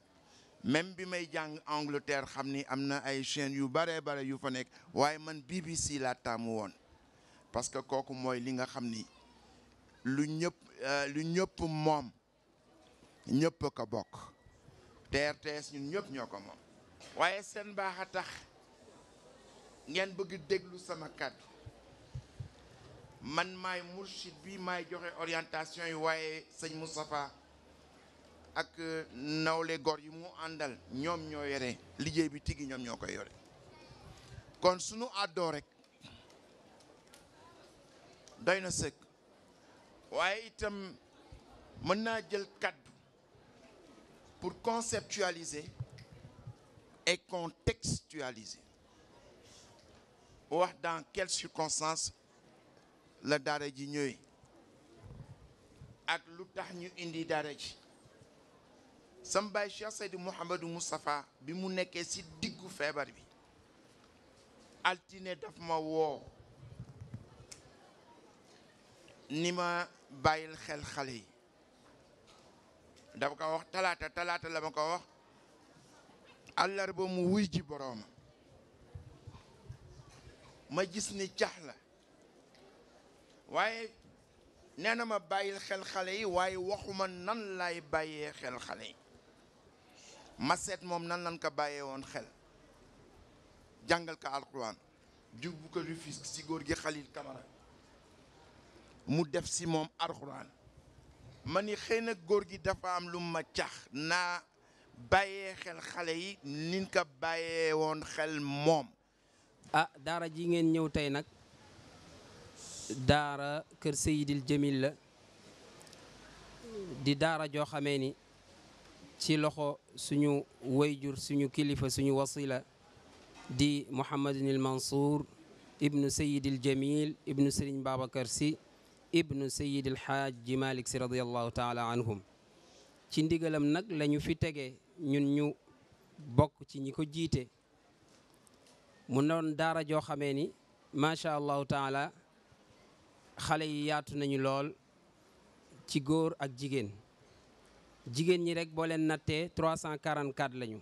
même bi may jang Angleterre xamni amna ay chaînes yu bare bare yu fa nek waye man BBC la tam won parce que kooku moy li nga xamni lu ñëpp euh, lu ñëpp mom ñëpp ko bok te ñun ñëpp ñoko mom waye sen seen tax ngeen bëgg déglu sama man may mursid bi may joxe orientation yi waaye Moustapha ak euh, nawlé gor yu mu andal ñom ñoo yore liggéey bi tigi ñom ñoo koy yore kon suñu àddoo rek doy na sëkk itam mën naa jël kaddu pour conceptualiser et contextualiser wax dans quelles circonstances la daara ji ñëwee ak lu tax ñu indi daara ji sam Cheikh Seydi mohammed Moustapha bi mu nekké ci diggu febar bi altine daf ma wo nima bayil xel xale yi dafa ko wax talata talata lama ko wax allah bo mu wuy ci borom ma gis ni tiaxla waye waaye ma bayil xel xale yi waaye waxuma nan lay baye xel xale yi maset moom nan lan ko bàyyee woon xel jàngal ko alquran jubbu ko Rufisque si góor gi Khalil Camara mu def si moom alquran ma ni xëy na góor gi dafa am lu ma cax naa bàyyee xel xale yi nin ko bàyyee woon xel
moom ah daara ji ngeen ñëw tey nag daara kër Seydil Jamil la di daara joo xamee ni ci loxo suñu wayjur suñu kilifa suñu wasila di Mouhamadinil Mansour ibnu Seyyidil Jamil ibnu Serigne Babacar Sy ibnu Seyyidil Xaaji Malick Sy radiyallahu taala anhum ci ndigalam nag lañu fi tege ñun ñu bokk ci ñu ko jiite mu noon daara joo xamee ni macha allahu taala xale yi yaatu nañu lool ci góor ak jigéen jigéen ñi rek boo leen nattee 344 lañu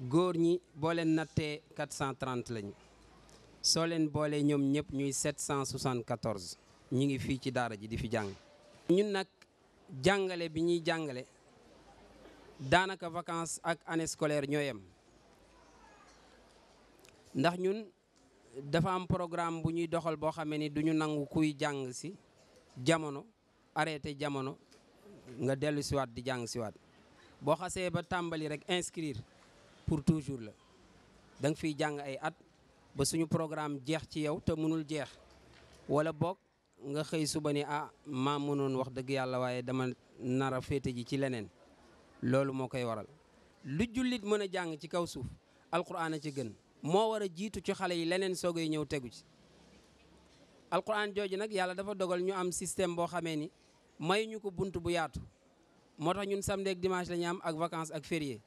góor ñi booleen nattee 430 lañu soo leen boolee ñoom ñëpp ñuy 774 ñi ngi fii ci daara ji di fi jàng. ñun nag jàngale bi ñuy jàngale daanaka vacances ak année scolaire ñoo yem ndax ñun dafa am programme bu ñuy doxal boo xamee ni duñu nangu kuy jàng si jamono arrêté jamono. nga dellu siwaat di jàng siwaat boo xasee ba tàmbali rek inscrire pour toujours la da nga fiy jàng ay at ba suñu programme jeex ci yow te mënul jeex wala boog nga xëy suba ni ah maam mënoon wax dëgg yàlla waaye dama nar a féete ji ci leneen loolu moo koy waral lu jullit mën a jàng ci kaw suuf alquran a ci gën moo war a jiitu ci xale yi leneen soogay ñëw tegu ci alquran jooju nag yàlla dafa dogal ñu am système boo xamee ni may ñu ko bunt bu yaatu moo tax ñun samedi ak dimanche la am ak vacances ak férié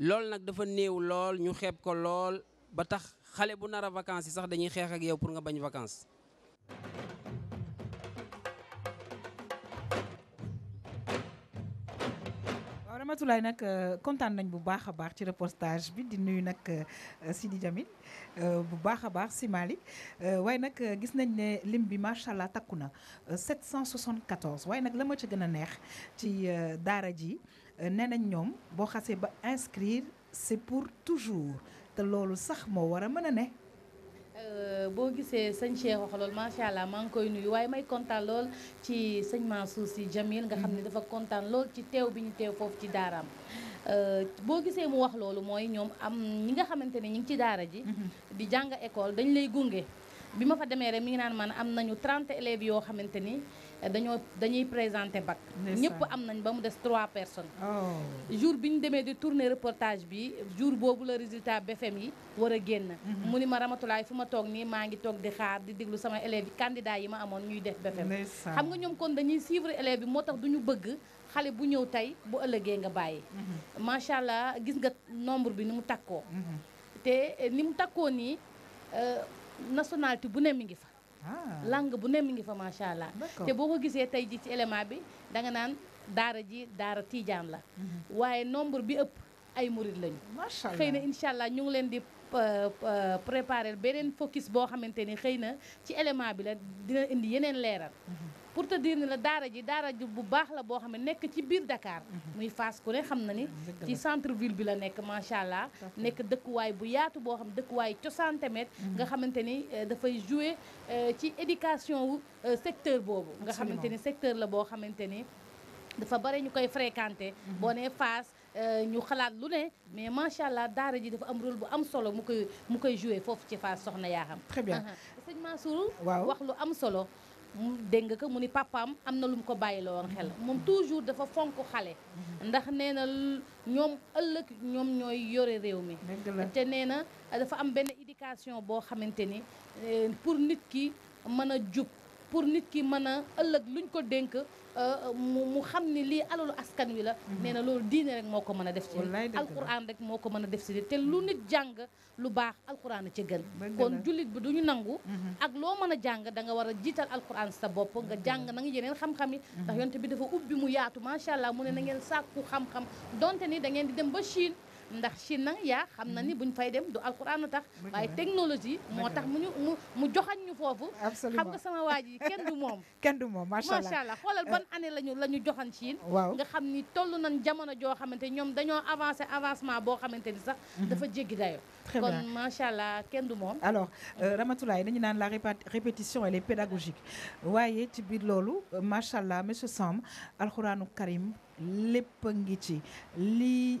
loolu nag dafa néew lool ñu xeeb ko lool ba tax xale bu nar a vacances sax dañuy xeex ak yow pour nga bañ vacances
Ramatoulaye nak euh, kontaan nañ bu un ci reportage bi di nuyu euh, Sidi Jamil euh, bu si Malik way gis ne lim bi machallah takuna 774 way nak lama ci gëna neex ci ji inscrire c'est pour toujours te loolu sax mo wara
Euh, boo gisee sëñ Cheikh wax lool macha allah maa ngi koy nuyu waaye may kontaan lool ci sëñ Mansour Jamil nga xam ne mhm. dafa kontaan lool ci teew bi ñu teew foofu ci daaraam euh, boo gisee mu wax loolu mooy ñoom am ñi nga xamante ni ñu ngi ci daara ji mhm. di jàng école dañ lay gunge bi ma fa demee rek mi ngi naan man am nañu 30 élèves yoo xamante ni dañoo dañuy présenté bac ñëpp am nañ ba mu des trois personnes oh. jour bi ñu demee di tourne reportage bi jour boobu la résultat BFEM yi war a génn mhm. mu ni ma ramatulaay fu ma toog nii maa ngi toog di xaar di déglu sama élèves yi candidats yi ma amoon ñuy def BFEM xam nga ñoom kon dañuy suivre élèves yi moo tax du ñu bëgg xale bu ñëw tey bu ëllëgee nga bàyyi mhm. macha allah gis nga nombre bi ni mu takkoo mhm. te eh, ni mu takkoo nii euh, nationalité bu ne mi ngi fa Ah. langue bu ne mi ngi fa macha allah. te boo ko gisee tey ji ci élément bi danga naan daara ji daara tiijaan la. Mhm. waaye nombre bi ëpp ay murit lañu. macha allah xëy na incha allah ñu ngi leen di. Euh, euh, préparer beneen focus boo xamante ni xëy na ci élément bi la dina indi yeneen leeral. Mhm. pour te dire ni la daara ji daara ji bu baax la boo xam ne nekk ci biir Dakar. muy Fass ku ne xam na ni. ci centre ville bi la nek macha allah. nekk dëkkuwaay bu yaatu boo xam dëkkuwaay cosaan tamit. nga xamante ni dafay jouer ci éducation wu secteur boobu. nga xamante ni secteur la boo xamante da fa bare ñu koy fréquenter. boo nee Fass. ñu xalaat lu ne mais macha allah daara ji dafa am rôle bu am solo mu koy mu koy jouer fofu ci Fass soxna ya xam. très bien sëñ Mansour. wax lu am solo. Je ne mu ni papaam lu ko toujours dafa fonk xale ndax nee na ñoom ëllëg ñoom ñooy yore te dafa am éducation eh, pour nit pour nit ki mën a ëllëg luñ ko dénk euh, euh, mu mu xam ni lii alalu askan wi la mhm. nee na loolu diine rek moo ko mën a def ci alquran rek moo ko mën a def ci te lu nit jàng lu baax alquran a ci gën kon jullit bi du ñu nangu mhm. ak loo mën a jàng da nga war a jiital alquran sa bopp nga jàng na nga yeneen xam-xam yi mhm. ndax yonte bi dafa ubbi mu yaatu macha allah mu ne na ngeen sàkku xam-xam donte nii da ngeen di dem ba Chine ndax ci na ya xam na ni mhm. buñ fay dem du alquran tax waaye technologie moo tax mu ñu mu joxañ ñu foofu xam nga sama waa ji kenn du moom
kenn du moom macha allah xoolal ban euh.
année lañu la ñu joxan Chine nga xam ni toll nañ jamono joo xamante ñoom dañoo avancé avancement boo xamante ni sax
mhm. dafa jéggi dayo kon macha allah kenn du moom alors euh, Ramatoulaye dañu naan la répétition elle est pédagogique waaye ci biir loolu machallah, monsieur Sam, alxuraanu karim lépp a ngi ci lii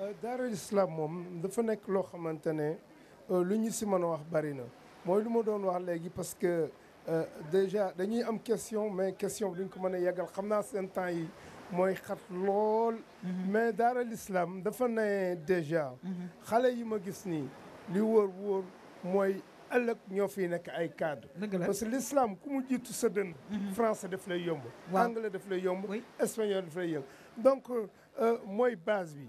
Euh, daara islam moom dafa nekk loo xamante ne euh, lu ñu si mën a wax bari na mooy lu ma doon wax léegi parce que euh, déjà dañuy am question mais question bi duñ ko mën a yeggal xam naa seen temps yi mooy xat lool. Mhm. mais daara l'islam dafa ne déjà. Mhm. xale yi ma gis nii li wóor wóor mooy ëllëg ñoo fiy nekk ay cadre parce que l'islam ku mu jiitu sa dënn. Mhm. français daf lay yomb. anglais daf lay yomb. espagnol daf lay yomb donc mooy base bi.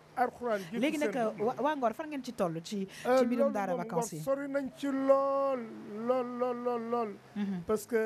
alxuraan jiitu léegi nag waa Ngor fan ngeen ci tollu ci. Eh, ci mbirum daara vacances yi sori nañ ci lool lool lool lool mhm. parce que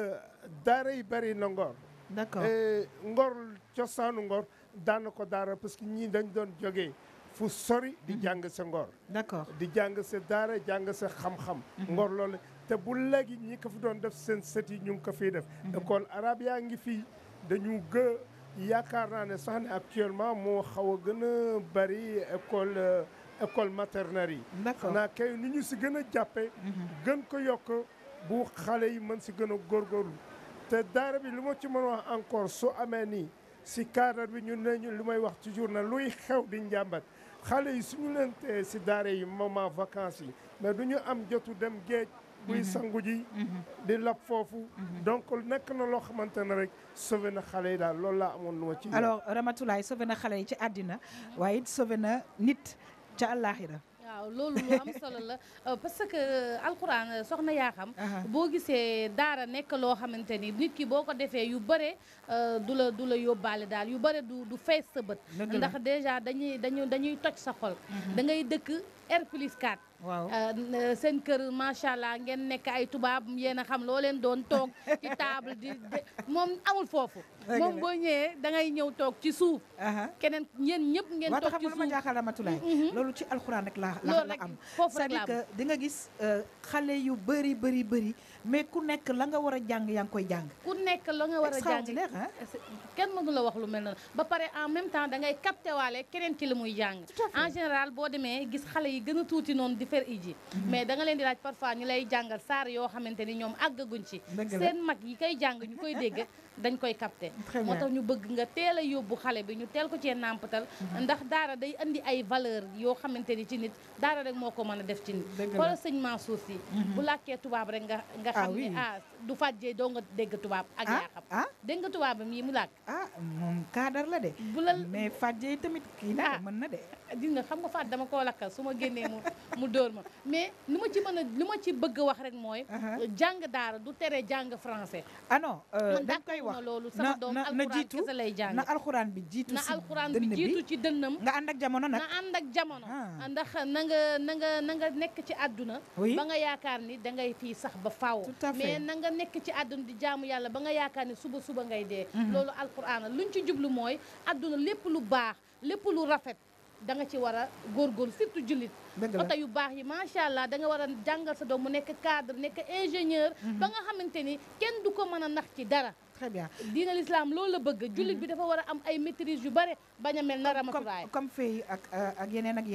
daara yi bari na Ngor. d'accord eh, Ngor cosaanu Ngor daan ko daara parce que ñii dañ doon jogee fu sori di mhm. jàng sa Ngor. d'accord di jàng sa daara jàng se xam-xam. Mhm. Ngor loolu te bu léegi ñi ko fu doon def seen set yi ñu ngi ko fiy def. école arabe yaa ngi fii dañu gë. yaakaar naa ne sax ne actuellement moo xaw a gën a bari école école maternelle yi. naa kay nu ñu si gën a jàppe mhm. gën ko yokk bu xale yi mën si gën a góorgóorlu. te daara bi lu ma ci mën wax encore su amee nii si cadre bi ñu ne ñu lu may wax toujours na luy xew di njàmbat xale yi suñu leen tee si daara yi moment vacances yi mais du ñu am jotu dem géej. muy sangu ji. di lab fofu donc nek na lo xamantene rek sauver na xale da lool
la amon amoon ci. alors ramatoulay sauver na xale ci adina waye sauver na nit ci alakhirah
waaw loolu lu am solo la parce que alxuraan soxna yaa xam boo gisee daara nekk loo xamante nit ki boo ko yu bëre du la du la yóbbaale daal yu bëre du du fees sa ndax déjà dañuy dañuy dañuy toj sa xol da ngay dëkk R plus 4. waaw euh, euh, seen kër macha allah ngeen nekk ay tubaab yéen a xam loo leen doon toog ci table di moom amul foofu. moom boo ñëwee
da ñëw toog ci suuf. keneen yéen ñëpp ngeen toog ci suuf waaw jaaxal mm-hmm. Mm-hmm. loolu ci alxuraan rek laa la am. loolu rek foofu rek la am cest di nga gis euh, xale yu bëri bëri bëri. mais ku nekk la nga war a jàng yaa ngi koy jàng.
ku nekk la nga war a jàng kenn mënu la wax lu mel na ba pare en même temps da ngay capté waale keneen ki la muy jàng. en général boo demee gis xale yi gën a tuuti noonu di fer iji. Mm-hmm. mais danga leen di laaj parfois ñu lay jàngal saar yoo xamante ni ñoom àggaguñ ci. seen mag yi koy jàng ñu koy dégg. dañ koy capté moo tax ñu bëgg nga teel a yóbbu xale bi ñu teel ko cee nàmpatal mhm. ndax daara day indi ay valeur yoo xamante ni ci nit daara rek moo ko mën a def ci nit xoolal sëñ Mansour si mhm. bu làkkee tubaab rek nga nga ah xam ne ah du fàjjee doo nga dégg tubaab ak ah, yaa xam ah. dégg nga tubaabam yi mu làkk ah moom kaadar la de bu la mais fàjjee tamit kii na mën na de di nga xam nga faat dama koo lakkal su ma génnee mu mu dóor ma mais lu ma ci mën a lu ma ci bëgg wax rek mooy uh-huh. jàng daara du tere jàng français ano ah non euh, koy wax loolu sama doom alxuraan kese lay jàng na alxuraan bi jiitu na alxuraan bi jiitu ci dënnam nga ànd ak jamono nag na ànd ak jamono ah. ndax na nga na nga na nekk ci àdduna ba nga yaakaar ni da ngay fii sax ba faaw mais na nga nekk ci àdduna di jaamu yàlla ba nga yaakaar ni suba suba ngay dee mm-hmm. loolu alxuraan luñ ci jublu mooy àdduna lépp lu baax lépp lu rafet da nga ci war a góorgóorlu surtout jullit oto yu baax yi macha allah da nga a jàngal sa doom mu mhm. kenn du ko mën a nax ci dara très bien diina loolu la bëgg jullit bi mhm. dafa war a am ay maîtrise yu bare bañ a mel na ramatulaay comme féey ak euh, ak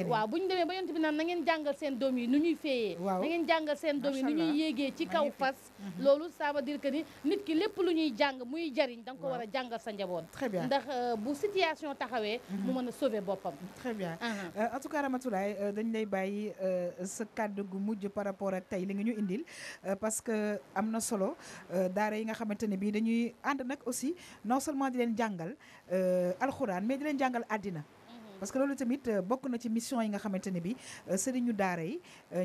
waaw bu ñu demee ba yonent bi naan na ngeen jàngal seen doom yi nu ñuy féeyee na ngeen jàngal seen doom yi nu ñuy yéegee ci kaw fas mhm. loolu ça veut dire que ni nit ki lépp lu ñuy jàng muy jariñ da nga ko war a jàngal sa njaboot très bien ndax euh, bu situation taxawee
mu mën a sauver boppam très bien uh-huh. euh, dañ lay bàyyi euh, sa kàddu gu mujj par rapport ak tey li nga ñu indil euh, parce que am na solo euh, daara yi nga xamante ne bii dañuy ànd nag aussi non seulement di leen jàngal alxuraan mais di leen jàngal àddina. Mhm. parce que loolu tamit bokk na ci mission yi nga xamante ne bii sëriñu daara yi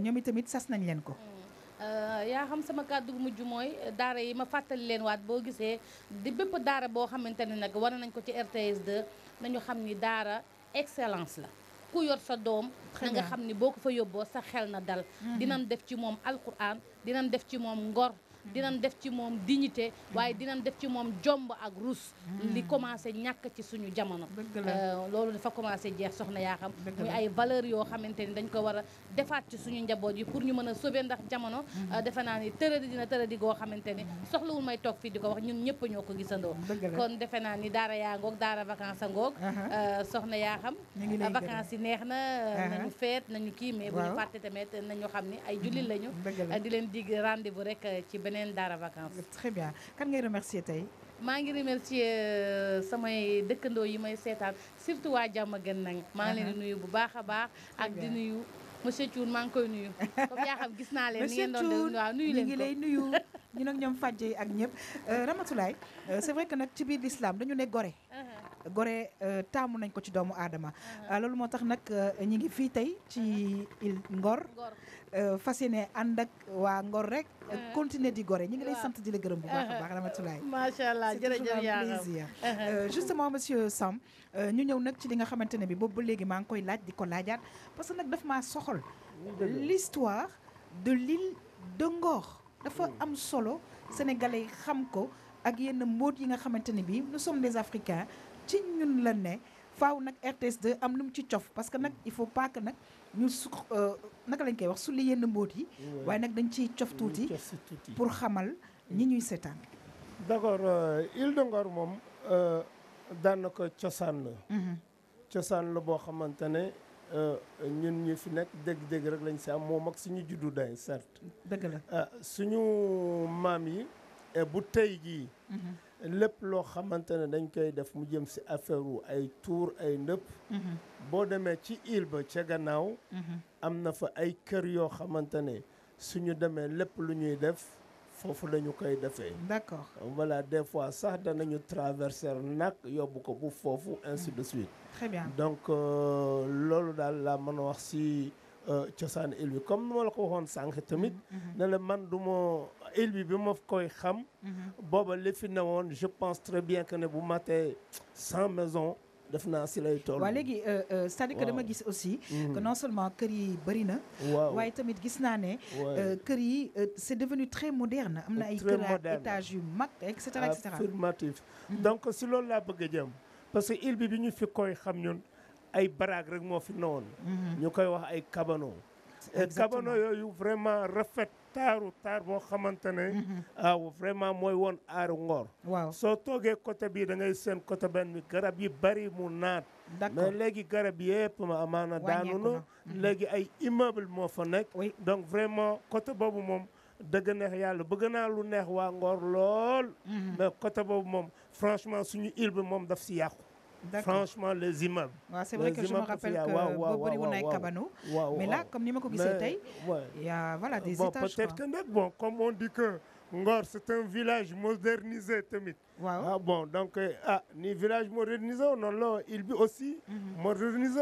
ñoom tamit sas nañ leen ko.
Mhm. yaa xam sama kàddu gu mujj mooy daara yi ma fàttali leen waat boo gisee di bépp daara boo xamante ne nag war nañ ko ci RTS 2 nañu xam ni daara excellence la. ku yor sa doom na nga xam ni boo ko fa yóbboo sa xel na dal mhm. dinañ def ci moom alquran dinañ def ci moom ngor dinañ def ci moom dignité waaye dinañ def ci moom jomb ak rus hmm. li commencé ñàkk ci suñu jamono euh, loolu dafa commencé jeex soxna yaa xam muy ay valeur yoo xamante ni dañ ko war defaat suñu njaboot yi pour ñu mën a sauver ndax jamono hmm. euh, defe naa ni tëradi dina tëradi goo xamante ni hmm. soxlawul may toog fii di ko wax ñun ñëpp ñoo ko gisandoo kon defe naa ni daara yaa ngoog daara vacances a ngoog euh, soxna yaa xam vacances yi neex na nañu feet nañu kii mais bu ñu fàtte tamit nañu xam ni ay jullit lañu di leen dig rendez rek ci beneen Quand
très bien kan ngay remercier vous
maa remercier euh, samay dëkkandoo surtout waa gën nag. maa uh-huh. nuyu bu baax a ak di
nuyu monsieur koy nuyu. Ramatoulaye c'est vrai que nag ci l'islam dañu ne gore. Uh-huh. gore euh, nañ ko ci doomu aadama. Uh-huh. Euh, loolu moo tax nag ngi Ngor. Euh, fas yéene ànd ak waa Ngor rek. Eh. continuer di gore ñu ngi lay eh. sant di la gërëm bu baax a baax eh. Ramatoulaye. macha allah jërëjëf yaa plaisir. Euh, justement monsieur Sam euh, ñu ñëw nag ci li nga xamante ne bi boobu ba léegi maa ngi koy laaj di ko laajaat parce que nag daf maa soxal. l'histoire de l'île de Ngor. dafa am solo sénégalais xam ko ak yenn mbóot yi nga xamante ne bi nous sommes des africains ci ñun la ne faaw nag RTS2 am lu mu ci cof parce que nag il faut pas que nag. ñu su euh, naka lañ koy wax su li yenn mbóot yi waaye nag dañ ciy cof tuuti pour xamal ñi ñuy seetaan
d'accord euh, Île de Ngor moom euh, daanako cosaan la mhm. cosaan la boo xamante ne ñun ñu fi nekk dégg-dégg rek lañ si am moom ak suñu juddu day certes dëgg la suñu maam yi bu tey jii mhm. lépp loo xamante ne dañ koy def mu jëm si affaire wu ay tour ay ndëpp mhm. boo demee ci île ba ca gannaaw mhm. am na fa ay kër yoo xamante ne suñu demee lépp lu ñuy def foofu lañu koy defee d'accord voilà des fois sax danañu traverser nag yóbbu ko bu foofu ainsi de mhm. suite très bien donc euh, loolu daal laa mën a wax si euh, cosaan Elwi comme nu ma la ko waxoon sànq tamit. Mm-hmm. Mm-hmm. ne la man du ma Elwi bi ma koy xam. Mm-hmm. booba le fi newoon je pense très bien que ne bu matee sans maison def naa si lay toll. waaw
léegi euh, euh, c'est-à-dire que dama gis aussi. que non seulement kër yi bëri na. waaw tamit gis naa ne. kër yi c'est devenu très moderne. am na ay kër ak étage yu mag et cetera et cetera.
affirmatif donc si loolu l'a bëgg a jëm parce que ilbi bi ñu fi koy xam ñun. ay baraag rek moo fi newoon. Mhm. ñu koy wax ay kabano. kabano yooyu vraiment rafet taaru taar boo xamante ne. waaw mhm. ah, vraiment mooy woon aaru Ngor. waaw soo toogee côté bii da ngay seen côté benn garab yi bari mu naat. mais léegi garab yëpp ma amaana daanu na. Mhm. léegi ay immeuble moo fa nekk. donc vraiment côté boobu moom. dëgg neex yàlla bëgg naa lu neex waa Ngor lool. mais côté boobu moom franchement suñu île bi moom daf si yàqu. franchement les imams. c'est vrai que je me rappelle que boo est un mais là comme je l'ai dit, il y a voilà des étages peut-être que bon comme on dit que. Ngor c'est un village modernisé ah bon donc euh, ah ni village
modernisé non, il aussi. Mhm. modernisé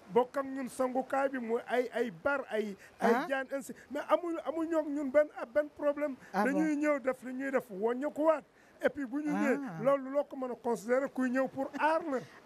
bokk ak ñun sangukaay bi mu ay ay bar ay. ay ah. jaan ainsi mais amuñu amuñu ak ñun benn benn problème. Ah dañuy ñëw def li ñuy def wo ko waat. et bu ñu ah. ñëwee loolu loo ko mën a considérer kuy ñëw pour aar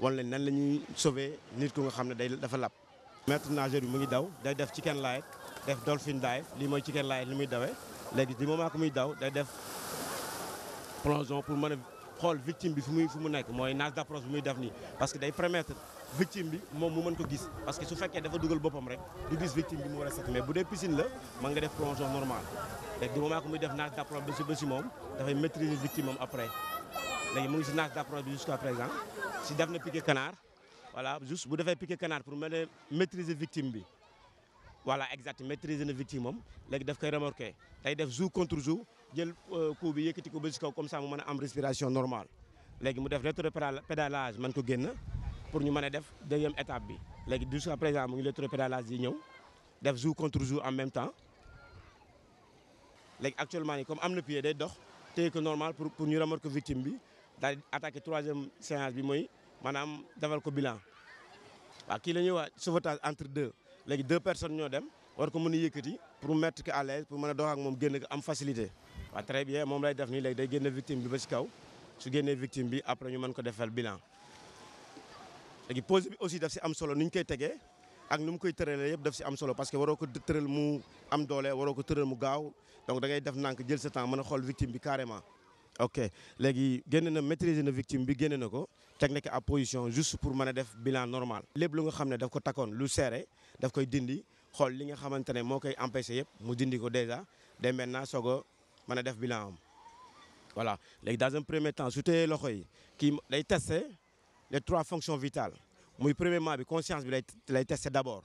wan nan lañuy ñuy sauver nit ko nga xamné day dafa lap maître nageur bi mu ngi daw day def chicken life def dolphin dive lii mooy chicken life li muy dawee léegi di moment ko muy daw day def plongeon pour mën xol victime bi fu muy fu mu nekk mooy nage d'approche bi muy def ni parce que day permettre victime bi mom mu mën ko gis parce que su fekkee dafa dugal boppam rek du gis victime bi mu war a mais bu dee piscine la mën nga def plongeon normal léegi di moment ko muy def nage d'approche bi si ba si moom dafay maîtriser victime am après léegi mu ngi si naaj jusqu'à présent si def na piqué canard voilà juste bu un piquer canard pour maîtriser la victime voilà exact maîtriser la victime Vous devez daf koy devez jouer def jour contre jour Vous euh, coup jouer ko comme ça mu respiration normale Vous devez def pédalage, pédalage pour nous faire la deuxième étape jusqu'à présent mu ngi pédalage. pédalage. Vous def jour contre jour en même temps actuellement comme comme am na pied day dox normal pour nous ñu la victime daal attaqué troisième séance bi moy manam defal ko bilan wa ki la wa wax sauvetage entre deux léegi deux personnes ñoo dem war ko mën yëkëti pour mettre ko à l'aise pour mën a dox ak mom génn am facilité. wa très bien mom lay def ni léegi day génne victime bi ba ci kaw su génnee victime bi après ñu mën ko défal bilan léegi pose bi aussi daf ci am solo ni ñu koy tegee. ak nu koy tëralee yëpp daf ci am solo parce que waroko ko mu am doole waroko ko mu gaaw donc da ngay def nank jël ce temps mën xol victime bi carrément ok maintenant génne na maîtriser victime bi na ko position juste pour faire bilan normal. lépp lu nga xam daf ko lu dindi li nga empêché dindi ko déjà dès maintenant bilan voilà dans un premier temps vous les trois fonctions vitales premièrement la conscience bi d'abord.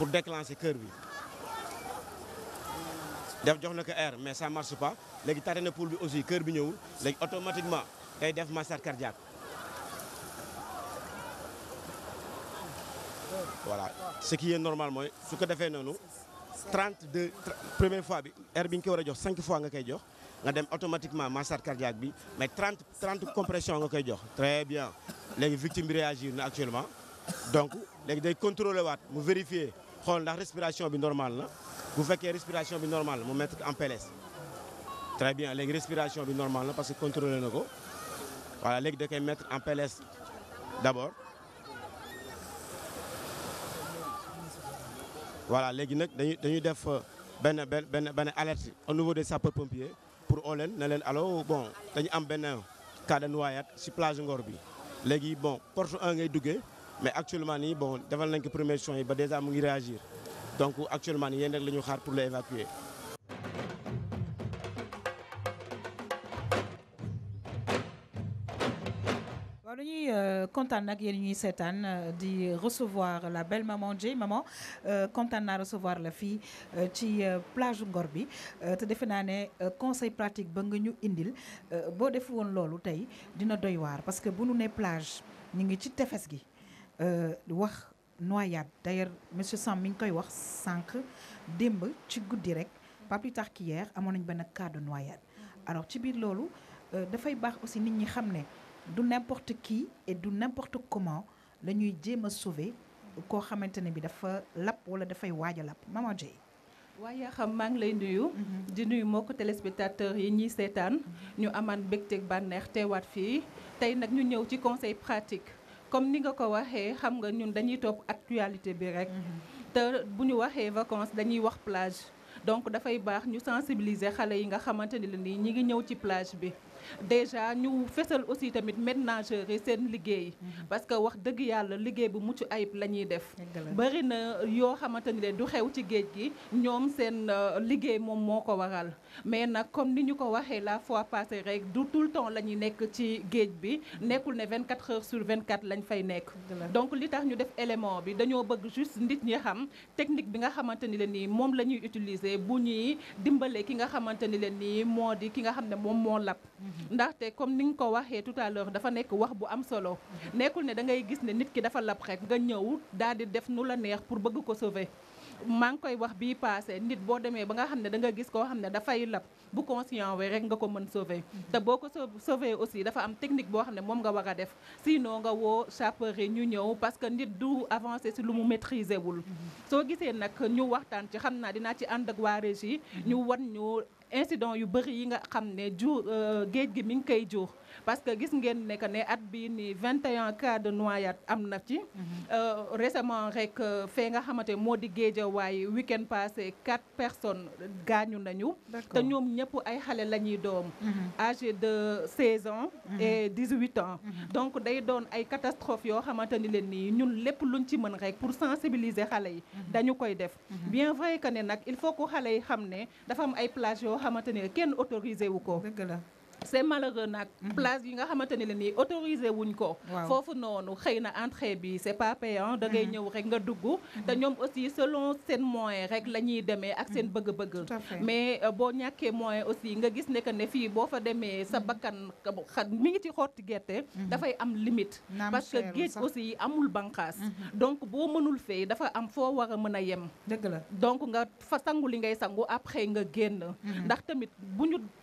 pour déclencher cœur bi def a na ko air mais ça ne marche pas Les tardé na poule bi aussi cœur bi ñëwul là. automatiquement a def massage cardiaque voilà ce qui est normal ce que tu defee fait, 32 première fois bi air bi ñu ko a jox 5 fois nga as jox nga dem automatiquement massage cardiaque mais 30 30 compressions, nga très bien Les victime réagissent actuellement donc léegi day contrôler waat mu vérifier xool ndax respiration est normale faites que la respiration bi normale mu mettre en PLS très bien la respiration est normale parce que contrôlé le voilà léegi da mettre en PLS d'abord voilà léegi nag dañuy dañuy def euh, alerte au niveau des sapeurs pompiers pour oo Nalen, alors allo bon dañu am un cas de noyade la plage Ngor bi léegi bon porte 1 ngay duggee mais actuellement nii bon defal nañ ko première ba déjà mu ngi réagir donc actuellement nii yéen rek la ñu xaar pour la évacuer.
waaw dañuy euh, kontaan nag yéen ñuy seetaan euh, di recevoir la belle maman Dieye maman euh, kontaan naa recevoir la fille, ci plage Ngor bi te defe naa conseil pratique ba nga ñu indil boo def woon loolu tey dina doy waar parce que bu nu ne plage ñu ngi ci tefes gi. Euh, wax noyade d'ailleurs monsieur koy wax pas plus tard qu'hier de noyade alors ci biir euh, da fay aussi nit ñi n'importe qui et n'importe comment le ñuy sauver ko xamantene bi dafa tu wala da fay maman
xam ngi lay nuyu mhm. di nuyu téléspectateur yi mhm. ñu conseil pratique comme ni nga ko waxé xam nga ñun dañuy top actualité bi rek. Mhm. te buñu waxé vacances dañuy wax plage donc fay baax ñu sensibiliser xalé yi nga xamante ni ñi ngi ñëw ci plage bi déjà ñu faisons aussi tamit ménageurs yi sen liguey mhm. parce que wax dëgg yalla liguey bu muccu ayib lañuy def bari na yo xamante ni du xew ci géej gi ñom sen euh, liguey mom moko waral mais nak comme ni ñu ko waxé la fois passée rek du tout le temps lañuy ñuy nekk ci géej bi mhm. nekkul ne 24 heures sur 24 lañ fay nekk donc li tax ñu def élément bi dañoo bëgg juste nit ñi xam technique bi nga le ni mom lañuy utiliser bu ñuy dimbalé ki nga le ni modi ki nga xam ne moom moo ndaxte comme niñ ko waxee tout à l'heure dafa nekk wax bu am solo nekkul ne da ngay gis ne nit ki dafa lab rek nga ñëw daal di def nu la neex pour bëgg ko sauver maa ngi koy wax bii passé nit boo demee ba nga xam ne da nga gis koo xam ne dafay lab bu conscient we rek nga ko mën sauver te boo sauver aussi dafa am technique boo xam ne nga war def sinon nga woo sapeur yi ñu ñëw parce que nit du avancer si lu mu maîtriser wul mhm. soo gisee nag ñu waxtaan ci xam naa dinaa ci ànd ak waa régie mhm. ñu wan ñu incident yu bëri yi nga xam ne jur euh, géej gi mi ngi koy jur parce que gis ngeen ne que ne at bi ni 21 cas de noyade am na ci. Mhm. Euh, récemment rek euh, fee nga xamanté modi di way weekend passé quatre personnes gañu nañu. te ñom ñëpp ay xalé lañuy doom. Mhm. âgé de 16 ans. Mhm. et 18 ans. donc day doon ay catastrophe yoo len ni ñun lépp luñ ci mëne rek pour sensibiliser xalé yi. dañu koy def. bien vrai que ne nak il faut que xalé yi xamné dafa am ay place yo xamante kenn autorisé wu ko. dëgg la. c'est malheureux nag mhm. place yi nga xamante ne la nii autorisé wuñ ko foofu noonu xëy na entrée bi c'est pas payant da ngay mhm. ñëw rek nga dugg mhm. te ñoom aussi selon seen moyen rek la ñuy demee ak seen bëgg-bëgg mais euh, boo ñàkkee moyen aussi nga gis ne que ne fii boo fa demee sa bakkan xa mi ngi ci xotti gerte dafay am limite parce que géej aussi amul banqaas donc boo mënul fee dafa am foo war a mën a yem dëgg la donc nga fa sangu li ngay sangu ab xëy nga génn ndax tamit bu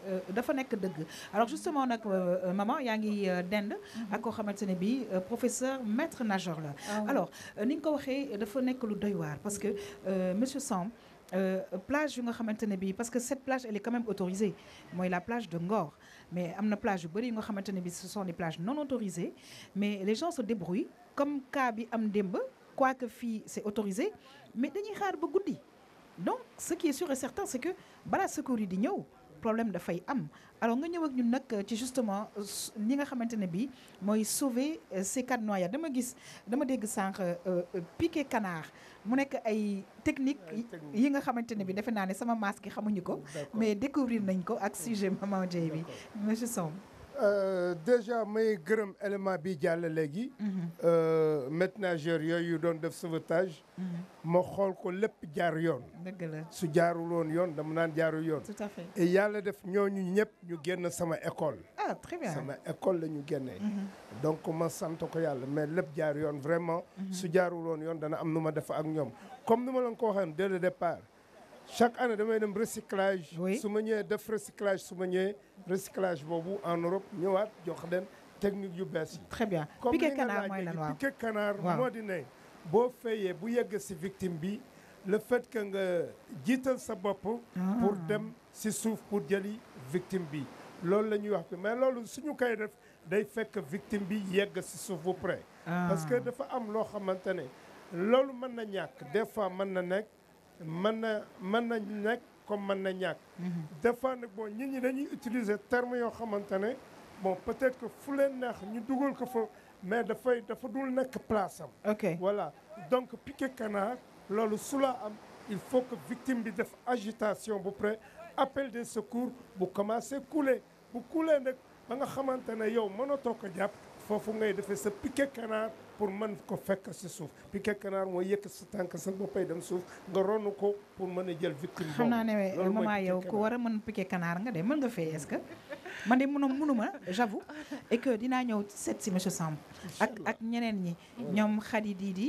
Euh, dafa nek deug alors justement nak euh, euh, maman yaa ngi dend mhm. ak ko xamantene bi professeur maître nageur ah alors ni nga ko waxee dafa lu parce que monsieur La plage yu nga parce que cette plage elle est quand même autorisée C'est la plage de Ngor mais amna plage yu nga ce sont des plages non autorisées mais les gens se débrouillent comme cas bi am quoi quoique c'est autorisé mais dañuy xaar ba guddi donc ce qui est sûr et certain c'est que bala secours di ñew problème fay am alors nga ñëw ak ñun nak euh, ci justement ni euh, nga xamantene bi sauver euh, ces de dama gis dama dégg canard mu ay technique yi nga bi mais découvrir nañ ko ak maman
euh, déjà suis grand élément bi jàll le Maintenant nageur yooyu dans def sauvetage. mo mhm. xool ko lépp jaar yoon. je la su on woon je dama tout à fait et def sama école. ah très bien sama école mhm. donc mais le vraiment. Mhm. comme nous dès le départ chaque année damay dem recyclage su ma ñëwee def recyclage su ma recyclage boobu en Europe ñëwaat jox leen technique yu bees très bien Pique canard mooy lan waaw piqué canard moo di ne boo fayee bu yegg si victime bi le fait que nga jiital sa bopp ah. pour dem si souff pour jëli victime bi loolu la ñuy wax bi mais loolu suñu koy def day fekk victime bi yegg si suuf bu près ah. parce que dafa am loo xamante ne loolu mën na ñàkk des fois mën na nekk man na mën nekk comme man na ñàkk. Mhm. des fois nag bon nit ñi dañuy utiliser terme yoo xamante ne bon peut-être que fu leen neex ñu dugal ko fa mais dafay dafa dul nekk place am. ok voilà donc piqué canard loolu su la am il faut que victime bi def agitation bu près appel des secours bu commencé couler bu couler nag ba nga xamante ne yow mënatoo ko jàpp foofu ngay defee sa piqué canard. pour mën ko fekk si suuf piquet canard moo yëkk sa tànk sa boppay dem suuf nga ronu ko pour mën a jël victime boobu xam naa ne maman yow ko war
a mën piquet canard nga de mën nga fee est-ce que man de mënu mënuma j'avoue et dinaa ñëw seet si monsieur Samb ak ak ñeneen ñi ñoom Khady Didi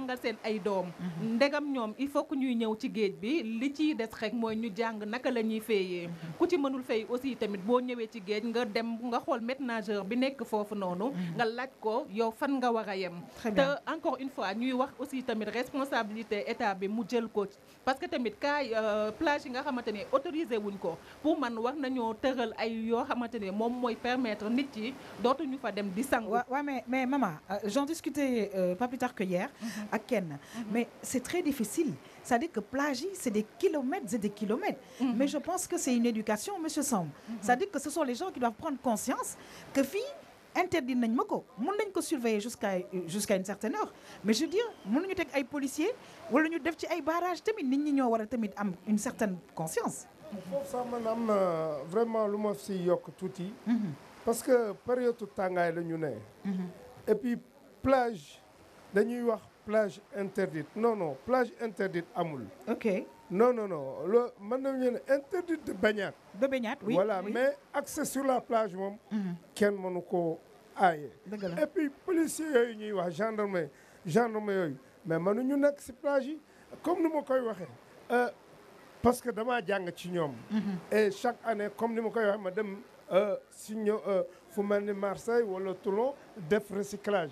jàngal seen ay dom mhm. ndegam ñom il faut que ñuy ñew ci geej bi li ci dess rek moy ñu jang naka lañuy feyé mhm. ku ci mënul fey aussi tamit bo ñewé ci geej nga dem nga xol ménageur bi nek fofu noonu mhm. nga laaj ko yow fan nga wara yem te encore une fois ñuy wax aussi tamit responsabilité état bi mu jël ko parce que tamit kay euh, plage nga xamante autorisé wuñ ko pour man war nañoo tëral ay
yo xamante mom moy permettre nit yi ñu fa dem di sang wa mais mais maman euh, j'en discutais euh, pas plus tard que hier ak ken mhm. mais c'est très difficile ça dit dire que Plagie c'est des kilomètres et des kilomètres mhm. mais je pense que c'est une éducation monsieur Samb ça mhm. à dire que ce sont les gens qui doivent prendre conscience que fii interdit nañ ma ko ne surveiller jusqu'à jusqu'à une certaine heure mais je veux dire mon nañu ay policiers wala ñu def ci ay barrages tamit nit ñi ñoo wara tamit am une certaine conscience
man vraiment lu ma parce que période tangay la ñu né et puis plage dañuy wax plage interdite non non plage interdite amoul. ok non non non le, maintenant interdite de baignade. de baignade oui voilà mais accès sur la plage mon, mhm. kenn mon aille. et puis policiers gendarmes, gendarmes, mais gendarme gendarme yooyu mais mënuñu que plage comme nous ma croyons euh, parce que damaa jàng ci ñoom. Mhm. et chaque année comme nous ma croyons, Madame ma dem euh, si vous euh, fu mel ni Marseille wala Toulon des recyclage.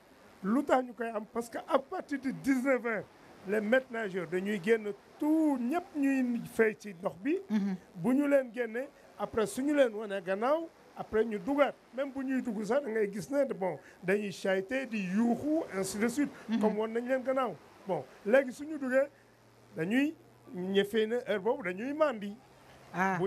parce qu'à partir de 19 h les maîtres nageurs nuit génn tout ils ñuy fay ci bi. Mhm. bu leen génnee après su leen après ñu même fait sax da ngay gis bon dañuy fait di ainsi de suite. Mhm. comme bon mandi. Ah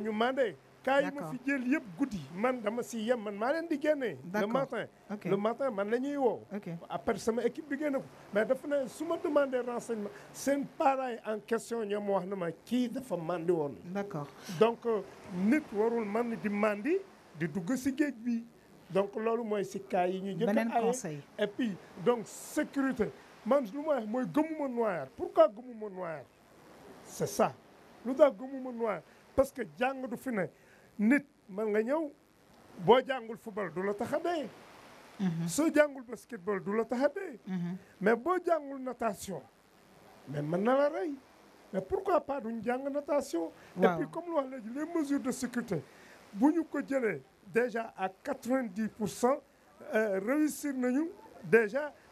cas yi fi jël yëpp guddi man dama si yem man di le matin le matin man lañuy wo. après sama équipe bi génne ko mais dafa ne suma ma demandé renseignement c'est parents en question ñoom wax na ma ki dafa mandi won. d'accord donc euh, nit warul man di mandi di dugg ci géej bi donc lolu moy ci cas yi ñu njëkk conseil et puis donc sécurité man lu moy moy gëmuma noir pourquoi gëmuma noir c'est ça lu tax gëmuma noir parce que jang du fi nit man nga ñëw boo jàngul football du la tax So dee. Mm-hmm. soo basketball du la tax mm-hmm. mais boo jàngul natation mais mën na la rey mais pourquoi pas duñ jàng natation. et puis comme lu wax léegi les mesures de sécurité bu ñu ko jëlee déjà à 90% euh, réussir nañu déjà.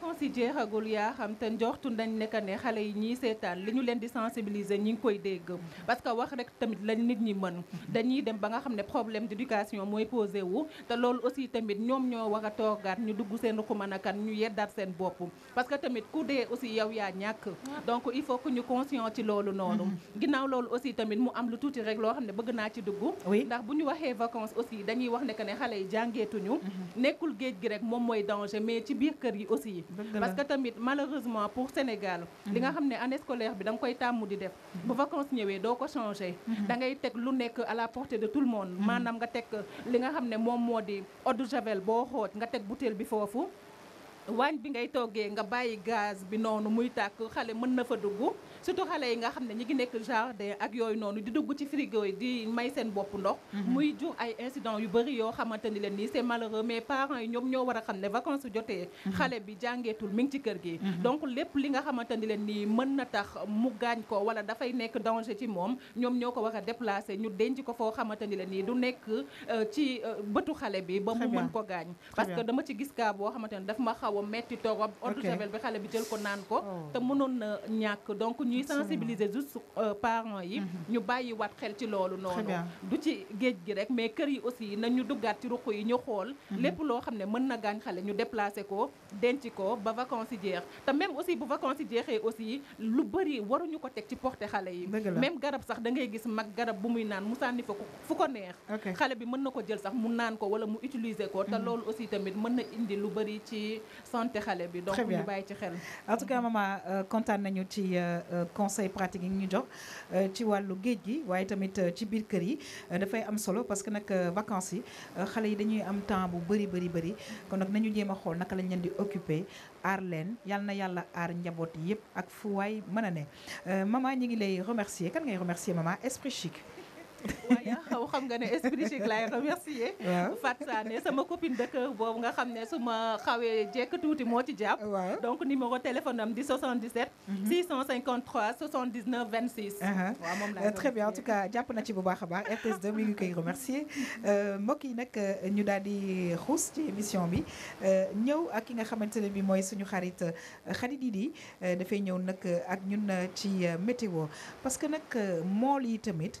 considère yi jeexagul yaa xam te njortu nañ ne que ne xale yi ñi sétal li ñu leen di sensibiliser ñi ngi koy dégg parce que wax rek tamit la nit ñi mën dañuy dem ba nga xamné problème d'éducation moy posé wu té lool aussi tamit ñom ñoo war a ñu dugg seen ruqumanakan ñu yeddaat seen bop parce que tamit ku dee aussi yaw ya ñak ah. donc il faut que ñu conscient ci loolu noonu mm-hmm. ginnaw lool aussi tamit mu am lu tuuti rek lo xamné bëgg na ci dugg ndax bu ñu waxee vacances aussi dañuy wax ne que ne xalé yi tuñu mm-hmm. nekul géej gi rek mom moy danger mais ci biir kër yi aussi parce que tamit malheureusement pour Sénégal li nga mhm. xamné année scolaire bi dang koy tamou di def mhm. bu vacances ñëwee do ko changer mhm. da ngay teg lu nekk à la portée de tout le monde manam nga teg li nga xamné mom modi eau de javel bo xooj nga teg bouteille bi fofu waañ bi ngay toggee nga bàyyi gaz bi noonu muy tàkk xale mën na fa dugg surtout xale yi nga xam ne ñi ngi nekk jardin ak yooyu noonu di dugg ci frigo yi di may seen bopp ndox mhm. muy jur ay incident yu bëri yoo xamante ni leen nii c'est malheureux mais parents yi ñoom ñoo war a xam ne vacances su jotee mhm. xale bi jàngeetul mi ngi ci kër gi mhm. donc lépp li nga xamante ni leen nii mën na tax mu gaañ ko wala dafay nekk danger ci moom ñoom ñoo ko war a déplacer ñu denc ko foo xamante ni leen nii du nekk euh, ci euh, bëtu xale bi ba mu mën ko gaañ parce que dama ci gis kaa boo xamante ne daf ma xaw xaw metti torop ondu javel bi xalé bi jël ko nan ko oh. te mënoon na ñàkk donc ñuy sensibiliser juste euh, parents yi mhm. ñu bayyi wat xel ci lolu noonu du ci geej gi rek mais kër yi aussi nañu duggaat ci ruq yi ñu xol mhm. lepp lo xamné mën na gañ xalé ñu déplacer ko denc ko ba vacances yi jeex te même aussi bu vacances yi jeexee aussi lu bari waruñu ko tek ci porté xalé yi même garab sax da ngay gis mag garab bu muy nan musani sànni fa fu ko neex xalé bi mën na ko jël sax mu nan ko wala mu utiliser ko te mhm. lolu aussi tamit mën na indi lu bari ci santé xalé bi donc ñu bàyyi ci xel
en tout cas maman contane euh, nañu ci euh, euh, conseil pratique yi ñu jox ci walu géej gi waaye tamit ci biir kër yi da fay am solo parce que nak vacances yi xalé yi dañuy am temps bu bari bari bari kon nak nañu jema xol nak lañ leen di occuper aar leen yal na yàlla aar njaboot ak fu mëna né a maman ñi ngi lay remercier kan ngay remercier maman esprit chic waaw xam nga ne esprit chic laay remercier Fat Sané sama copine
dëkk boobu nga xam ne su ma xawee jekk tuuti moo ci jàpp donc numéro téléphone am di 77 653 79 26
waaw moom la euh, très bien en tout cas jàpp na ci bu baax a baax RTS2 mi ngi koy remercier euh, mbokk yi nag euh, ñu daal di xuus ci émission bi ñëw ak ki nga xamante ne bi mooy suñu xarit Khady Didi dafay ñëw nag ak ñun ci météo parce que nag mool yi tamit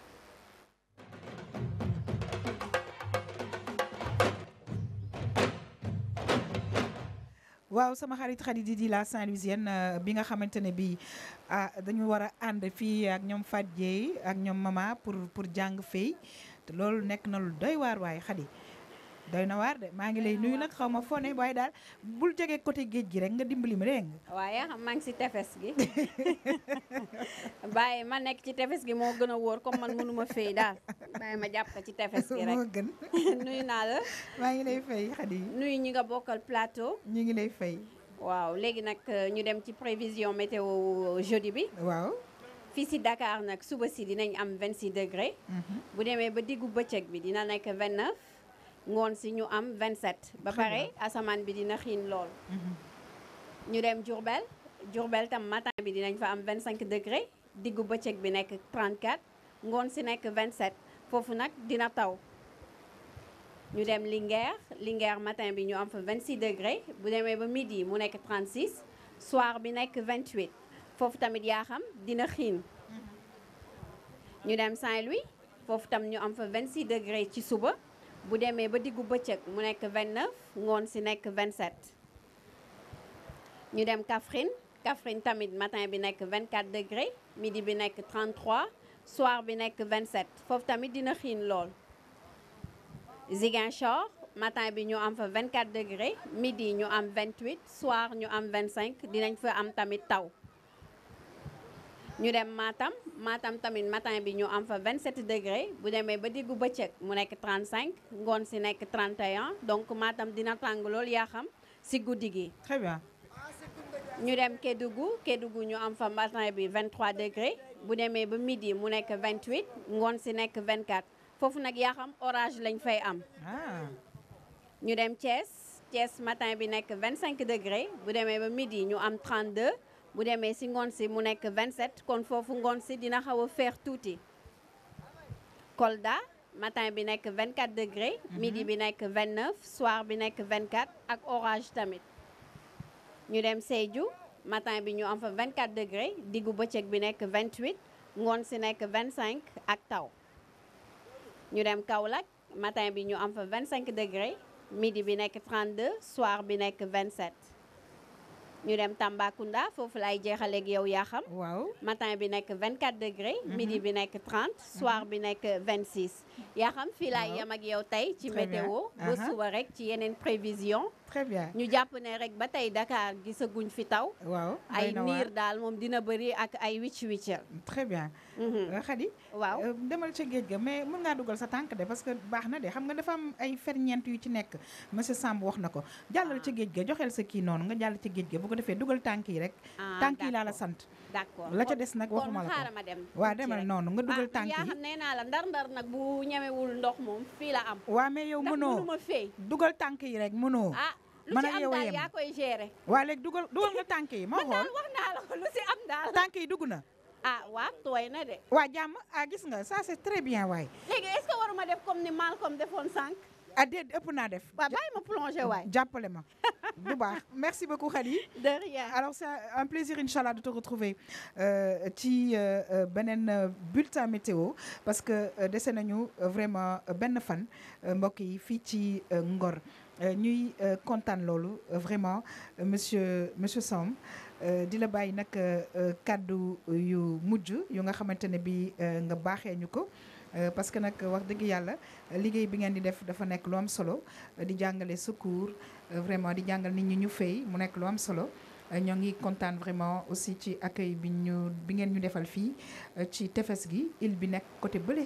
waaw sama xarit xarit yi di la Saint-Louisienne euh, bi nga xamante ne bi ah dañu war a ànd fii ak ñoom Fatou Dieye ak ñoom mama pour pour jàng fay te loolu nekk na lu doy waar waaye xadi doy na waar de maa ngi lay nuyu nag xaw ma fone waaye daal bul jege côté géej gi rek nga dimbali ma dégg nga.
waaye maa ngi si tefes gi bàyyi ma nekk ci tefes gi moo gën a wóor comme man mënuma fay daal bàyyi ma jàpp ko ci tefes gi rek gën. nuyu naa la. maa ngi lay fay Khady. nuyu ñi nga bokkal plateau. ñu ngi lay fay. waaw léegi nag euh, ñu dem ci prévision météo euh, jeudi bi. waaw. fii si Dakar nag suba si dinañ am 26 degré. Mhm. bu demee ba diggu bëccëg bi dina nekk 29. ngoon si ñu am 27. ba paré asaman bi dina xiin lool. Mhm. ñu dem Diourbel Diourbel tam matin bi dinañ fa am 25 degrés. diggu bëccëg bi nek 34 ngoon si nek 27 fofu nak dina taw. ñu dem Linguère Linguère matin bi ñu am fa 26 degrés. bu démé ba midi mu nek 36 soir bi nek 28 fofu tamit ya xam dina xine mhm. ñu dem Saint-Louis On tam ñu am fa 26 degrés ci suba bu demee ba diggu bëccëg mu nekk 29 ngoon si nekk 27. ñu dem Kaffrine Kaffrine tamit matin bi nekk 24 degré midi bi nekk 33 soir bi nekk 27 foofu tamit dina xiin lool. Ziguinchor matin bi ñu am fa 24 degré midi ñu am 28 soir ñu am 25 dinañ fa am tamit taw ñu dem Matam Matam Tamine, matin bi ñu am fa 27 degrés. bu démé ba diggu bëccëg mu nekk 35 ngon si nekk 31 donc Matam dina tang lool ya xam si
guddigi. très bien.
ñu dem Kédougou Kédougou ñu am fa matin bi 23 degrés. bu démé ba midi mu nekk 28 ngon si nekk 24 Fofu nak ya xam orage lañ fay am. Ah. ñu dem Thiès Thiès matin bi nekk 25 degrés. bu démé ba midi ñu am 32 bu demee si ngoon si mu 27 kon foofu ngoon si dina xaw a Kolda matin bi nekk 24 degrés mhm. midi bi nekk 29 soir bi nekk 24 ak orage tamit ñu dem matin bi ñu am fa 24 degrés digu bëccëg bi nekk 28 ngoon si 25 ak taw ñu dem Kaolack matin bi ñu am 25 degrés midi bi nekk 32 soir bi nekk 27 nous dem Tambacounda faire yow choses. xam. matin bi 24 degrés, mhm. midi bi 30 mhm. soir il 26. une xam fii ak yow météo. très bien ñu jàpp ne rek ba tey Dakar gisaguñ fi taw.
waaw ay niir
daal moom dina bëri ak ay wicc wiccal. très bien. Mhm. Euh, Khady. waaw euh,
demal ca géej ga mais mën ngaa dugal sa tànk de parce que baax na xam nga dafa am ay ferñeent yu ci nekk monsieur Samb wax na ko jàllal ah. ca géej ga joxeel sa kii noonu nga jàll ca géej ga bu ko defee dugal tànk yi rek. Ah, tànk yi laa la sant.
la ca des nag waxuma la ko kon xaaral ma dem. demal
noonu nga dugal ah, tànk yi ah nee
naa la ndar-ndar nag bu ñemewul ndox moom fii la am.
waa mais yow mënoo dugal tànk yi rek mënoo ah lu ci am daal yaa koy gérer. waaw léegi dugal dugal nga tànk yi ma xool wax na la lu ci am daal. tànk yi ah wa toy na de. wa jam a ah, gis nga ça c'est très bien waay. léegi est-ce que waruma def comme ni Malcolm defon sank a ah, de ëpp na def. wa bàyyi ma plonger waay. jappale ma bu bax merci beaucoup khali de rien alors c'est un plaisir inchallah de te retrouver euh ci euh, euh, benen euh, bulletin météo parce que dese nañu vraiment benn fan mbok yi fi ci Ngor. Euh, ñuy euh, kontaan loolu euh, vraiment monsieur monsieur Sam di la bàyyi nag kàddu yu mujj yu nga xamantene bi nga baxé ñuko parce que nak wax deug yalla liggéey bi ngeen di def dafa nek lu am solo di jàngale secours vraiment di jàngal nit ñi ñu fey mu nek lu am solo ñoo ngi vraiment aussi ci accueil bi ñu bi ngeen ñu defal fi ci tefes gi il bi nek côté beulé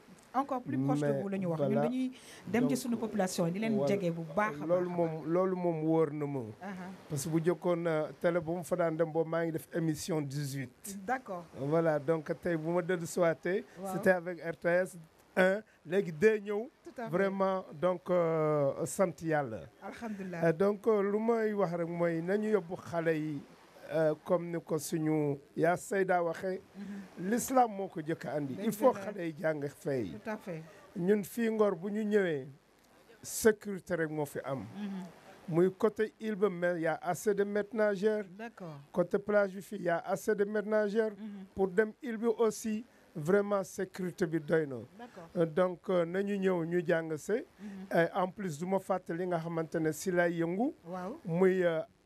encore plus proche de vous la ñu wax ñun dañuy dem ci suñu population
di leen jege bu baax lolu mom lolu mom parce que bu jëkkoon euh, télé bu fa daan dem bo ma ngi def émission 18 d'accord voilà donc tay bu ma dellu c'était avec RTS 1 légui deux ñëw vraiment donc euh, sant yalla alhamdulilah euh, donc lu may wax rek moy nañu yobbu xalé yi euh, comme ni ko suñu yaa Seyda waxee mhm. l'islam moo ko jëkk a il faut xale yi jàng fay tout à fait ñun fii Ngor bu ñu ñëwee sécurité rek mo fi am mhm. muy côté île ba mel y' assez de ménagères d'accord côté plage fi ya y' assez de ménagères mhm. pour dem île bi aussi vraiment sécurité bi doyno d'accord euh, donc euh, nañu ñëw ñu jàng sé en plus duma ma li nga xamantene ne si lay yëngu muy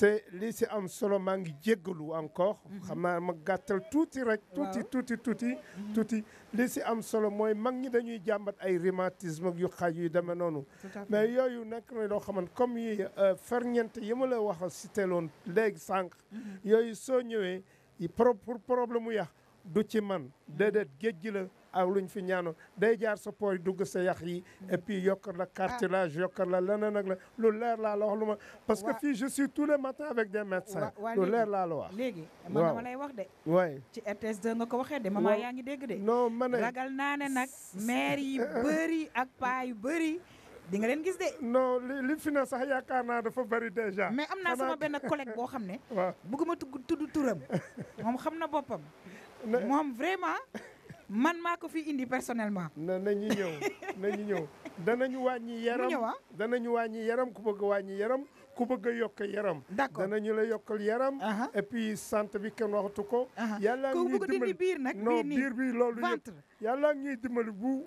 te lii si am solo maa ngi jéggalu encore mhm. xam naa mag gàttal tuuti rek tuuti tuuti tuuti mhm. tuuti li si am solo mooy mag ñi dañuy jàmbat ay rhumatisme yu xaaj yu demee noonu mais yooyu nekk na loo xamante comme yi euh, ferñeent yi ma la wax si teeloon léegi sànq mhm. yooyu soo ñëwee pour problème mu yàq du ci man déedéet géej la aw luñ fi ñaanoon day jaar sa poor dugg sa yax yi et puis yokkar la cartilage yokkar la leneen ak la lu leer laa la wax lu ma parce que fii je suis tous les matins avec des médecins lu leer laa la wax léegi man dama lay wax de waay
ci RTS 2 nga ko waxee de maman yaa ngi dégg de non man ragal naa ne nag maire yi bëri ak paa yu bëri di nga leen gis de. non li li fi na sax yaakaar naa dafa bari déjà. mais am naa sama benn collègue boo xam ne. waaw bëgguma tudd turam moom xam na boppam. moom vraiment. man maa ko fi indi personnellement. na na nañu ñëw nañu ñëw danañu
wàññi yaram ah? danañu wàññi yaram ku bëgg a wàññi yaram ku bëgg a yokk yaram. d'accord ñu la yokkal yaram. et puis santé bi kenn waxatu ko. yàlla ñuy dimbali ku bëgg dindi nag biir nii bi loolu yëpp. yàlla ñuy dimbali buu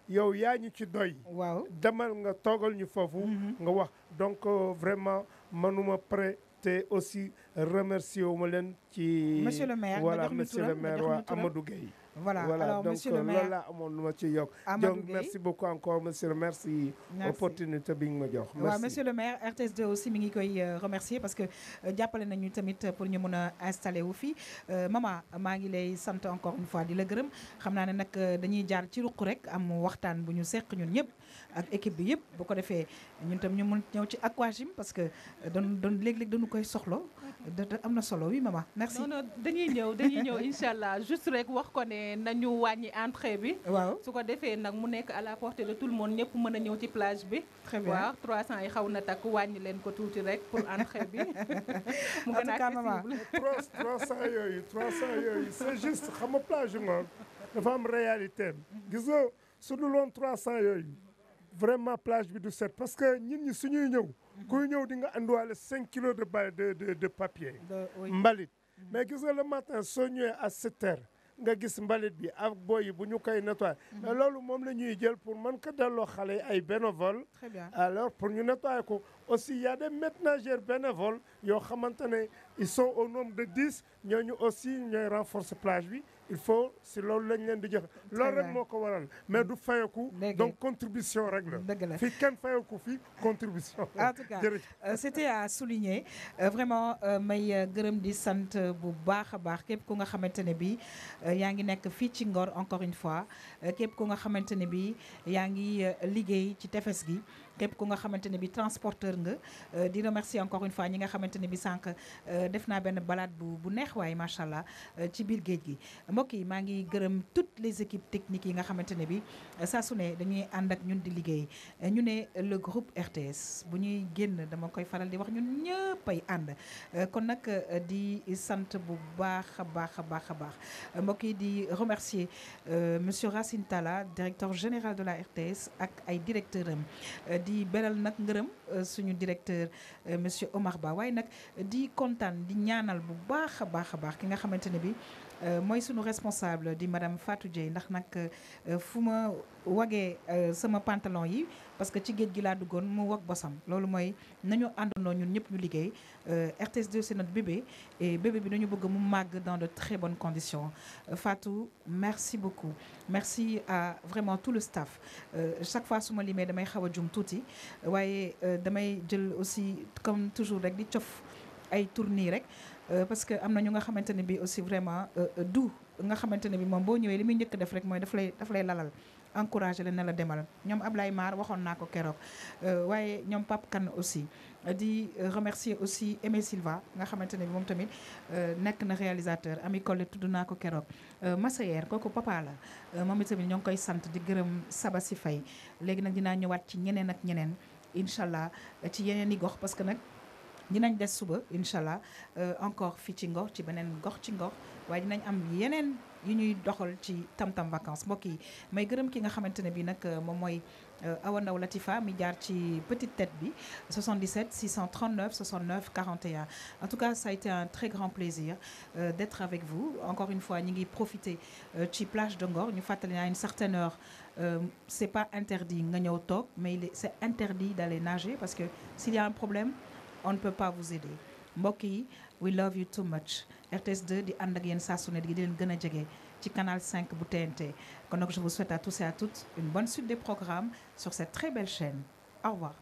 yow yaa ñu ci doy. waaw demal nga toogal ñu foofu. Mhm. nga wax donc euh, vraiment manuma pré te aussi remercier wu ma leen. ci monsieur le maire voilà monsieur le maire waa Amadou Gueye voilà, Alors, monsieur le maire loolu donc merci beaucoup encore monsieur le maire si opportunité bi nga ma jox. merci monsieur
le maire RTS2 aussi mi koy euh, remercier parce que euh, jàppale nañu tamit pour ñu mën installer installé wu fii euh, maman maa ngi lay santé encore une fois di la gërëm xam naa ne nag dañuy jaar ci ruq rek am waxtaan bu ñu seq ñun ñëpp ak équipe bi yëpp bu ko defee ñun tam ñu mën ñëw ci aquagym parce que euh, don don léeg-léeg dañu koy soxlo da am na solo wi mama
merci non non dañuy ñëw dañuy ñëw incha allah juste rek wax ko ne nañu wàññi entrée bi waaw su ko defee nag mu nekk à la portée de tout le monde ñëpp mën a ñëw ci plage bi très bien waaw 300 yi xaw na takk wàññi leen ko tuuti rek pour entrée bi mu gën a accessible
300 yooyu 300 yooyu c'est juste xam nga plage moom dafa am réalité gis nga su dul woon 300 yooyu vraiment plage bi du set parce que ñit ñi suñuy ñëw kuy ñëw di nga anduwaale 5 kilos de de de de papier mbalit mais gis nga le matin soo ñëwee à 7 heures nga gis mbalit bi ak boy yi bu ñu koy nettoyer mhm. mais loolu moom la ñuy jël pour man ko delloo xale yi ay bénévole alors pour ñu nettoyer ko aussi y a des ménagères bénévoles yoo xamante ne ils sont au nombre de 10 ñooñu aussi ñooy renforcer plage bi il faut si loolu lañ leen di joxe loolu rek moo ko
waral mais du fayeku donc contribution rek la fi la kenn fayeku fi contribution euh, c'était à souligner euh, vraiment euh, may gërëm di sant bu baax a baax képp ku nga xamante ne bi yaa ngi nekk fii ci Ngor encore une fois képp ku nga xamante ne bi yaa ngi liggéey ci tefes gi képp ku nga xamante ne bi transporteur nga euh, di remercier encore une fois ñi nga xamante ne bi sànq euh, def naa benn balade bu bu neex waaye macha allah euh, ci biir géej gi mbokk yi maa ngi gërëm toutes les équipes techniques yi nga xamante ne bi saa su ne dañuy ànd ak ñun di liggéey ñu ne le groupe RTS bu ñuy génn dama koy faral di wax ñun ñëppay ànd kon nag di sant bu baax a baax a baax a baax mbokk yi di remercier monsieur Racine Tala directeur général de la RTS ak ay directeur di beral nak ngeureum suñu directeur euh, monsieur Omar Ba way nak di contane di ñaanal bu baaxa baaxa baax ki nga xamante bi euh, moy suñu responsable di madame Fatou Dieye ndax nak euh, fuma ma sama pantalon yi parce que ci géej gi laa duggoon mu wag bossam lolou moy nañu andono ñun ñëpp ñu liggéey euh, RTS2 c'est notre bébé et bébé bi nañu bëgg mu màgg dans de très bonnes conditions euh, Fatou merci beaucoup merci à vraiment tout le staff euh, chaque fois suma limé damay xawa a touti wayé damay jël aussi comme toujours rek di cof ay tourner. rek parce que amna ñu nga xamante bi aussi vraiment doux, nga xamante bi mom bo ñëwé li muy def rek moy daf lay daf lay lalal encourager la ne la demal ñoom Ablaye Mar waxon nako ko euh waaye ñom Pape kan aussi di euh, remercier aussi Aimé Silva nga xamante mom tamit euh nek na réalisateur Ami Collé tudd naa ko keroog euh, Massayer papa la euh, moom itamit ñoo ngi koy sante di gërëm Saba si Faye léegi nag ñëwaat ci ñenen ak ñenen inshallah ci yeneen gox parce que nak dinañ des suba Inshallah, euh encore fi ci ngox ci benen gox ci ngox way dinañ am yenen nous ñuy doxal ci tam vacances mbokk yi may gërëm ki nga xamantene bi nag euh, moom mooy euh, Latifa mi jaar ci petite tête bi 77 639 69 41 en tout cas ça a été un très grand plaisir euh, d'être avec vous encore une fois ñi ngi profiter ci plage de Ngor ñu fàttali à une certaine heure c'est pas interdit nga ñëw toog mais c'est interdit d'aller nager parce que s'il y a un problème on ne peut pas vous aider mbokk yi we love you too much RTS 2 di ànd ak yéen saa su ne di canal 5 bu TNT je vous souhaite à tous et à toutes une bonne suite des programmes sur cette très belle chaîne au revoir.